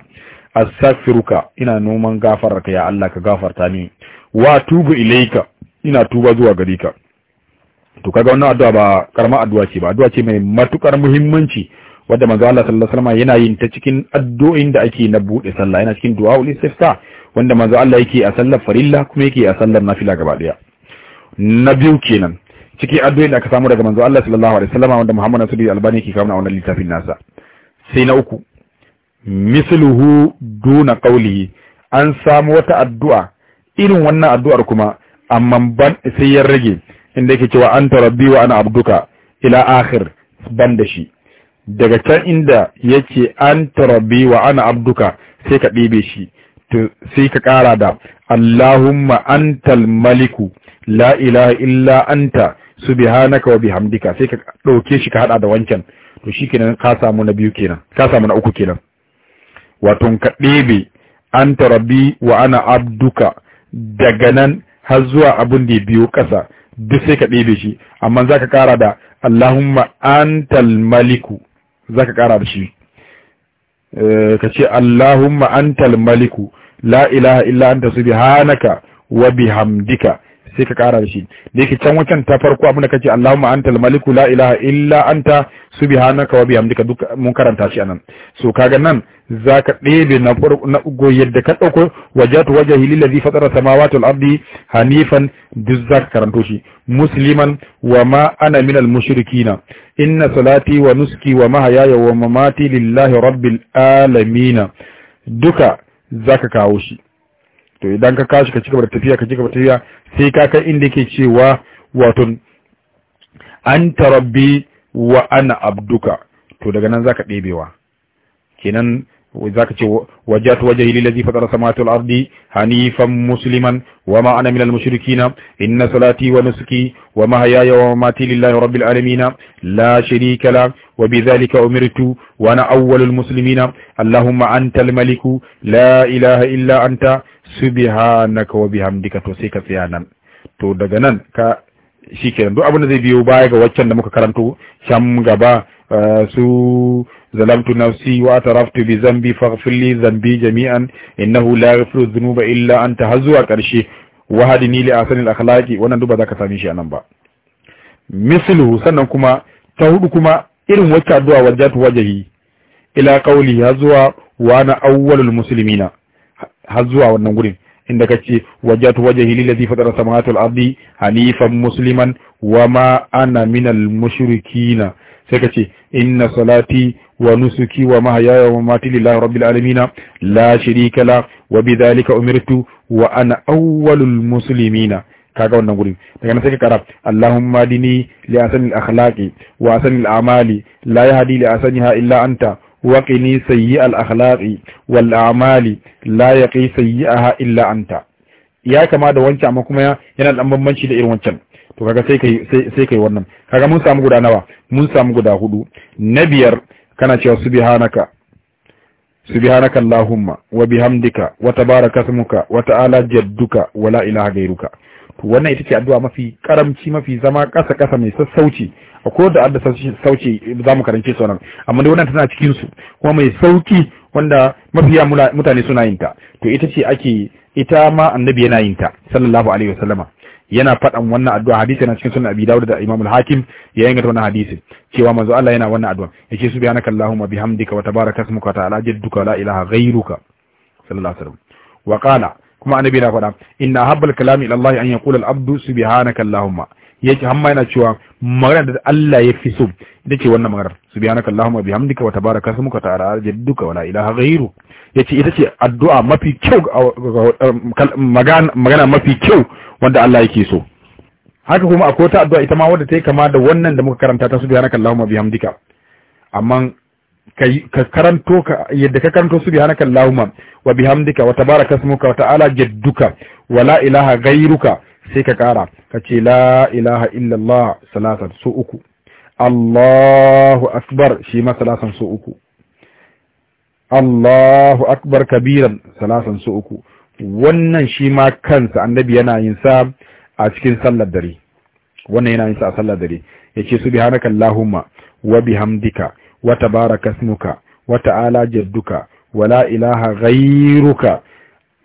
astaghfiruka ina noman gafararka ya Allah ka gafarta ni wa tubu ilaika ina tuba zuwa gare ka to kaga wannan addu'a ba karama addu'a ce ba addu'a ce mai matukar muhimmanci wadda manzo Allah sallallahu alaihi wasallam yana yin ta cikin addu'o'in da ake na bude sallah yana cikin du'a ul istifta wanda manzo Allah yake a sallar farilla kuma yake a sallar nafila gaba daya na biyu kenan ciki addu'a da aka samu daga manzo Allah sallallahu alaihi wasallam wanda Muhammad alaihi wasallam yake kawo a wannan littafin nasa sai na uku misluhu duna qawlihi an samu wata addu'a irin wannan addu'ar kuma amma ban sai ya rage inda yake cewa anta rabbi wa ana abduka ila akhir ban da shi daga can inda yake anta rabbi wa ana abduka sai ka ɗebe shi sai ka ƙara da Allahumma antal maliku la ilaha illa anta subhanaka wa bihamdika sai ka ɗauke shi ka haɗa da wancan to shikenan ka samu na biyu kenan ka samu na uku kenan wato ka ɗebe anta rabbi wa ana abduka daga nan har zuwa abin da ya biyo ƙasa duk sai ka ɗebe shi amma za ka da Allahumma antal maliku za ka ƙara da shi Eh, ka ce Allahumma antal maliku la ilaha illa anta subhanaka wa bihamdika sai ka kara da shi da yake can wancan ta farko abin da kace Allahumma antal maliku la ilaha illa anta subhanaka wa bihamdika duk mun karanta shi anan so kaga nan zaka ɗebe na na go yadda ka dauko wajhatu wajhi lillazi fatara samawati wal ardi hanifan duk zaka karanto shi musliman wa ma ana minal mushrikina inna salati wa nuski wa mahayaya wa mamati lillahi rabbil alamin duka zaka kawo shi to idan ka kashi ka cigaba da tafiya ka cigaba da tafiya sai ka kai inda yake cewa wato anta rabbi wa ana abduka to daga nan zaka ɗebewa kenan zaka ce wajjatu wajhi lillazi fatara samawati wal ardi hanifan musliman wa ana minal mushrikina inna salati wa nusuki wa mahyaya wa mamati lillahi rabbil alamin la sharika la wa bidhalika umirtu wa ana awwalul muslimina allahumma antal maliku la ilaha illa anta subhanaka wa bihamdika to sai ka tsaya nan to daga nan ka shikenan duk abin da zai biyo baya ga waccan da muka karanto sham gaba eh, su zalamtu nafsi wa ataraftu bi zambi faghfir li zambi jami'an innahu la yaghfiru dhunuba illa anta hazwa karshe wahdini hadini asani al akhlaqi wannan duk ba za ka same shi anan ba mislu sannan kuma ta hudu kuma irin wacce addu'a wajjatu wajhi ila qawli hazwa wa ana awwalul muslimina har zuwa wannan gurin inda kace wajen wajhi lillazi fatara samawati wal ardi hanifan musliman wama ana minal mushrikina sai kace inna salati wa nusuki wa mahyaya wa mamati lillahi rabbi alamin la sharika la wa bidhalika umirtu wa ana awwalul muslimina kaga wannan gurin daga nan sai ka kara Allahumma dini li asanil akhlaqi wa amali la yahdi li asaniha illa anta وقني سيء الأخلاق والأعمال لا يقي سيئها إلا أنت ya kama da wancan amma kuma yana da bambanci da irin wancan to kaga sai kai wannan kaga mun samu guda nawa mun samu guda hudu na biyar kana cewa subhanaka subhanaka allahumma wa bihamdika wa tabaraka ismuka wa ta'ala jadduka wa la ilaha ghairuka to wannan ita ce addu'a mafi karamci mafi zama kasa kasa mai sassauci ko da adda sauci za mu karance su nan amma da wannan tana cikin su kuma mai sauki wanda mafiya mutane suna yin ta to ita ce ake ita ma annabi yana yin ta sallallahu alaihi wasallama yana faɗan wannan addu'a hadisi yana cikin sunan Abi Dawud da Imam al-Hakim ya inganta wannan hadisi cewa manzo Allah yana wannan addu'a yake subhanaka allahumma bihamdika wa tabaraka ismuka wa ta'ala jadduka la ilaha ghayruka sallallahu alaihi wasallam wa qala kuma annabi na faɗa inna habbal kalami ila Allah an yaqula al-abdu subhanaka allahumma yake hamma yana cewa magana da Allah ya fi so ita ce wannan magana subhanaka allahumma bihamdika wa tabaraka ismuka ta'ala jadduka wa la ilaha ghayru yace ita ce addu'a mafi kyau magana mafi kyau wanda Allah yake so haka kuma akwai wata addu'a ita ma wadda ta yi kama da wannan da muka karanta ta subhanaka allahumma bihamdika amma ka karanto ka yadda ka karanto subhanaka allahumma wa bihamdika wa tabaraka ismuka wa ta'ala jadduka wa la ilaha ghayruka sai ka ƙara, ka ce la ilaha illallah salatan so uku Allahu akbar shi ma salatan so uku Allahu akbar kabiran salatan so uku wannan shi ma kansa annabi yana yin sa a cikin sallar dare wannan yana yin sa a sallar dare su yace subhanaka allahumma wa bihamdika wa tabaraka ismuka wa ta'ala jadduka wa la ilaha ghayruka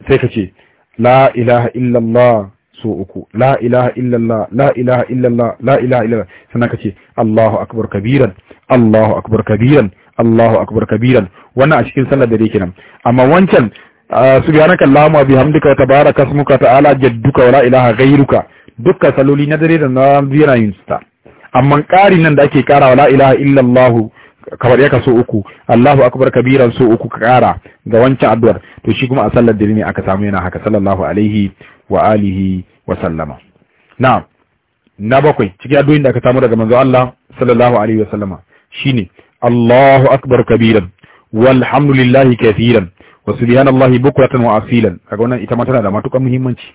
sai ka ce, la ilaha illallah!" so uku la ilaha illallah la ilaha illallah la ilaha illallah sannan ka ce Allahu akbar kabiran Allahu akbar kabiran Allahu akbar kabiran wannan a cikin sallar dare kenan amma wancan subhanaka allahumma bihamdika tabaraka ismuka ta'ala jadduka la ilaha ghayruka dukkan saloli na dare da na biyana yin ta amma ƙari nan da ake ƙara la ilaha illallah kamar yaka so uku Allahu akbar kabiran so uku ka kara ga wancan addu'ar to shi kuma a sallar dare ne aka samu yana haka sallallahu alaihi wa alihi wasallama na na bakwai cikin addu'o'in da aka samu daga manzo Allah sallallahu alaihi wa sallama shine Allahu akbar kabiran walhamdulillahi kaseeran wa subhanallahi bukratan wa asilan kaga wannan ita ma tana da matukar muhimmanci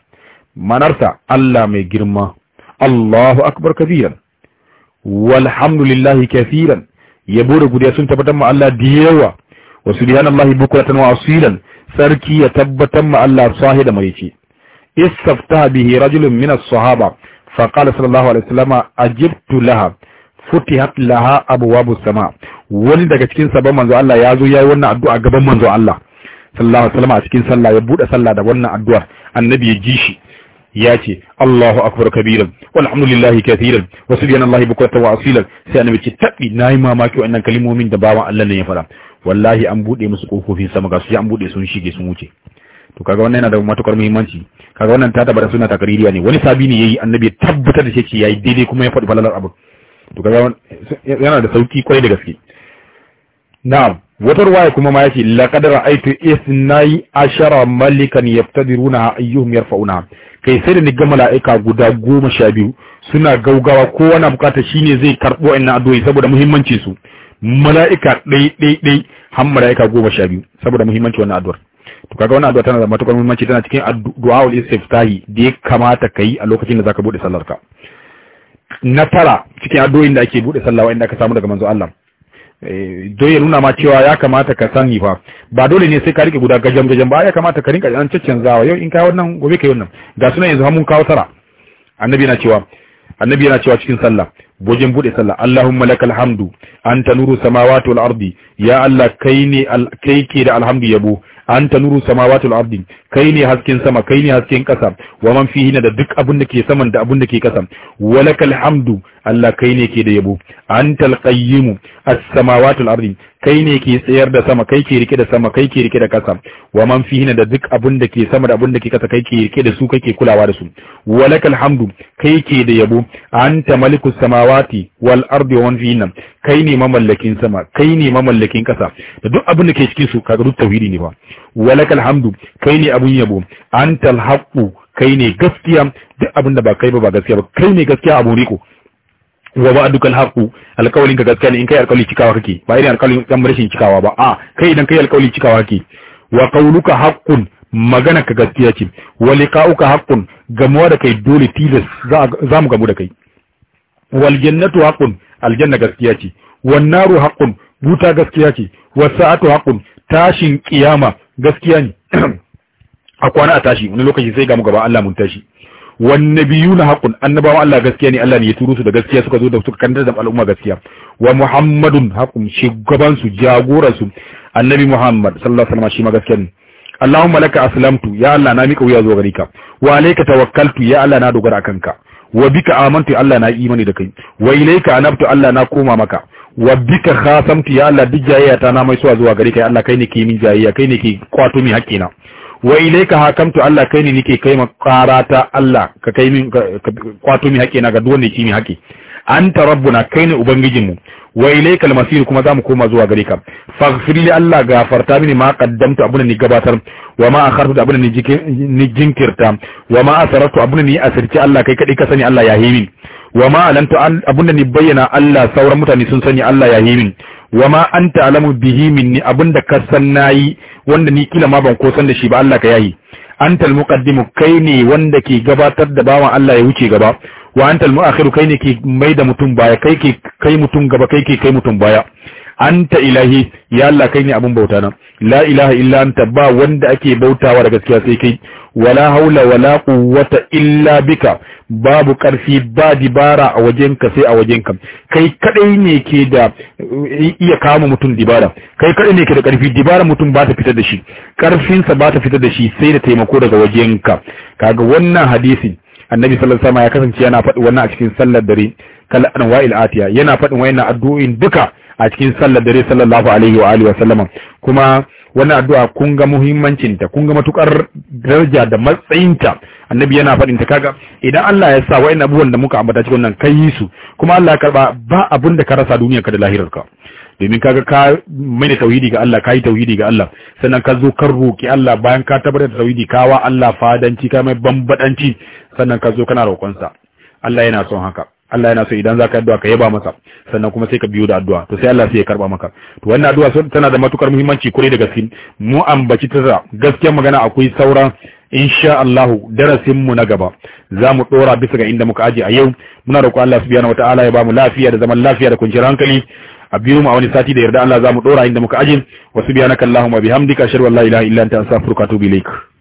manarsa Allah mai girma Allahu akbar kabiran walhamdulillahi kaseeran yabo da gudiya sun tabbatar ma Allah da yawa wa subhanallahi bukratan wa asilan sarki ya tabbatar ma Allah sahi da mai ce استفتى به رجل من الصحابة فقال صلى الله عليه وسلم أجبت لها futihat laha abwabu sama wani daga cikin sabon manzo Allah ya zo yayi wannan addu'a gaban manzo Allah sallallahu alaihi wasallam a cikin sallah ya bude sallah da wannan addu'ar annabi ya ji shi ya ce Allahu akbar kabiran walhamdulillahi katiran wa subhanallahi bukratan wa asilan sai annabi ce na yi mamaki wannan kalmomin da bawan Allah ne ya fara wallahi an bude musu kofofin sama ga su an bude sun shige sun wuce to kaga wannan yana da matukar muhimmanci kaga wannan ta tabbata suna takaririya ne wani sabi ne yayi annabi ya tabbatar da shi yayi daidai kuma ya faɗi falalar abu to kaga yana da sauki kwai da gaske na'am wata ruwaya kuma ma yace laqad ra'aytu isnai ashara malikan yaftadiruna ayyuhum yarfa'una kai sai da ni ga mala'ika guda goma sha biyu suna gaugawa ko wani bukata shine zai karbo ina addu'o'i saboda muhimmancin su mala'ika ɗai ɗai ɗai har mala'ika goma sha biyu saboda muhimmanci wannan addu'ar to kaga wannan addu'a tana da matukar muhimmanci tana cikin addu'aul istiftahi da ya kamata kai a lokacin da zaka bude sallar ka na tara cikin addu'o'in da ake bude sallah wanda aka samu daga manzo Allah eh, don ya nuna ma cewa ya kamata ka sani fa ba dole ne sai ka rike guda gajam gajam ba ya kamata ka rinka an caccanzawa yau in ka wannan gobe kai wannan ga sunan yanzu mun kawo tara annabi yana cewa annabi yana cewa cikin sallah wajen bude sallah Allahumma lakal hamdu anta nuru samawati wal ardi ya Allah kai ne kai ke da alhamdu yabo anta nuru samawatil ardi kai ne hasken sama kai ne hasken kasa wa man fihi da duk abin da ke saman da abin da ke kasa walakal hamdu Allah kai ne ke da yabo antal qayyim as-samawatul ardi kai ne ke tsayar da sama kai ke rike da sama kai ke rike da kasa wa man fihina da duk abun da ke sama da abun da ke kasa kai ke rike da su kake kulawa da su walakal hamdu kai ke da yabo anta malikus samawati wal ardi wa man fihina kai ne mamallakin sama kai ne mamallakin kasa da duk abun da ke cikin su kaga duk tauhidi ne ba walakal hamdu kai ne abun yabo antal haqqu kai ne gaskiya duk abun da ba kai ba ba gaskiya ba kai ne gaskiya abun riko wa dukkan alhaqu alkawalin ka gaskiya ne in kai alqawli cikawa kake ba irin alkawalin kan rashin cikawa ba a kai idan kai alqawli cikawa kake wa qauluka haqqun magana ka gaskiya ce wa liqa'uka haqqun gamuwa da kai dole tilas za mu gamu da kai wal jannatu haqqun aljanna gaskiya ce wan naru haqqun buta gaskiya ce wa sa'atu haqqun tashin kiyama gaskiya ne a kwana a tashi wani lokaci sai ga mu gaba Allah mun tashi wan nabiyuna haƙun annabawa Allah gaskiya ne Allah ne ya turo su da gaskiya suka zo da suka kantar da al'umma gaskiya wa muhammadun haƙun shugaban su jagoran su annabi muhammad sallallahu alaihi wasallam shi ma gaskiya ne Allahumma laka aslamtu ya Allah na mika wuya zuwa gare ka wa alayka tawakkaltu ya Allah na dogara ka wa bika amantu Allah na imani da kai wa ilayka anabtu Allah na koma maka wa bika khasamtu ya Allah duk jayayya ta na mai suwa zuwa gare ka ya Allah kai ne ke min jayayya kai ne ke kwato min haƙƙina wa ilaika hakamtu Allah kai ne nike kai makarata Allah ka kai min kwato mi haƙe na ga duwan da ki mi haƙe an anta rabbuna kai ne ubangijinmu wa ilaika lamasiru kuma zamu koma zuwa gare ka faghfir li Allah gafarta mini ma abu abuna ni gabatar wa ma a akhartu abu ni ni jinkirta wa ma a abu abuna ni asirci Allah kai kadai ka sani Allah ya himin wa ma abu abuna ni bayyana Allah sauran mutane sun sani Allah ya himin wa ma an alamu bihi minni abinda ka san nayi wanda ni kila ma ban ko san da shi ba Allah ka yayi antal muqaddimu kai ne wanda ke gabatar da bawan Allah ya wuce gaba wa antal muakhiru kai ne ke mai da mutum baya kai ke kai mutum gaba kai ke kai mutum baya anta ilahi ya Allah kai ne abin bauta na la ilaha illa anta ba wanda ake bautawa da gaskiya sai kai wala haula wala quwwata illa bika babu karfi ba dibara a wajenka sai a wajenka kai kadai ne ke da iya kama mutum dibara kai kadai ne ke da karfi dibara mutum ba ta fitar da shi karfinsa ba ta fitar da shi sai da taimako daga wajenka kaga wannan hadisi annabi sallallahu alaihi wasallam ya kasance yana faɗi wannan a cikin sallar dare kal anwa'il atiya yana faɗin wayannan addu'o'in duka a cikin sallar dare sallallahu alaihi wa alihi wa sallama kuma wannan addu'a kun ga ta kun ga matukar daraja da matsayinta annabi yana faɗin ta kaga idan Allah ya sa wa'in abubuwan da muka ambata cikin nan kai yi su kuma Allah ya karba ba abin da ka rasa duniyar ka da lahirar ka domin kaga ka mai da tauhidi ga Allah kai tauhidi ga Allah sannan ka zo kan roki Allah bayan ka tabbatar da tauhidi kawa Allah fadanci ka mai bambadanci sannan ka zo kana roƙon sa Allah yana son haka Allah yana so idan zaka addu'a ka yaba masa sannan kuma sai ka biyo da addu'a to sai Allah sai ya karba maka to wannan addu'a tana da matukar muhimmanci kure da gaske mu ambaci tsara gaskiyar magana akwai sauran insha Allah darasin mu na gaba zamu dora bisa ga inda muka aje a yau muna roƙo Allah subhanahu wataala ya ba mu lafiya da zaman lafiya da kwanciyar hankali a biyo mu a wani sati da yarda Allah zamu dora inda muka aje wa subhanaka allahumma bihamdika ashhadu an la ilaha illa anta astaghfiruka wa atubu ilaik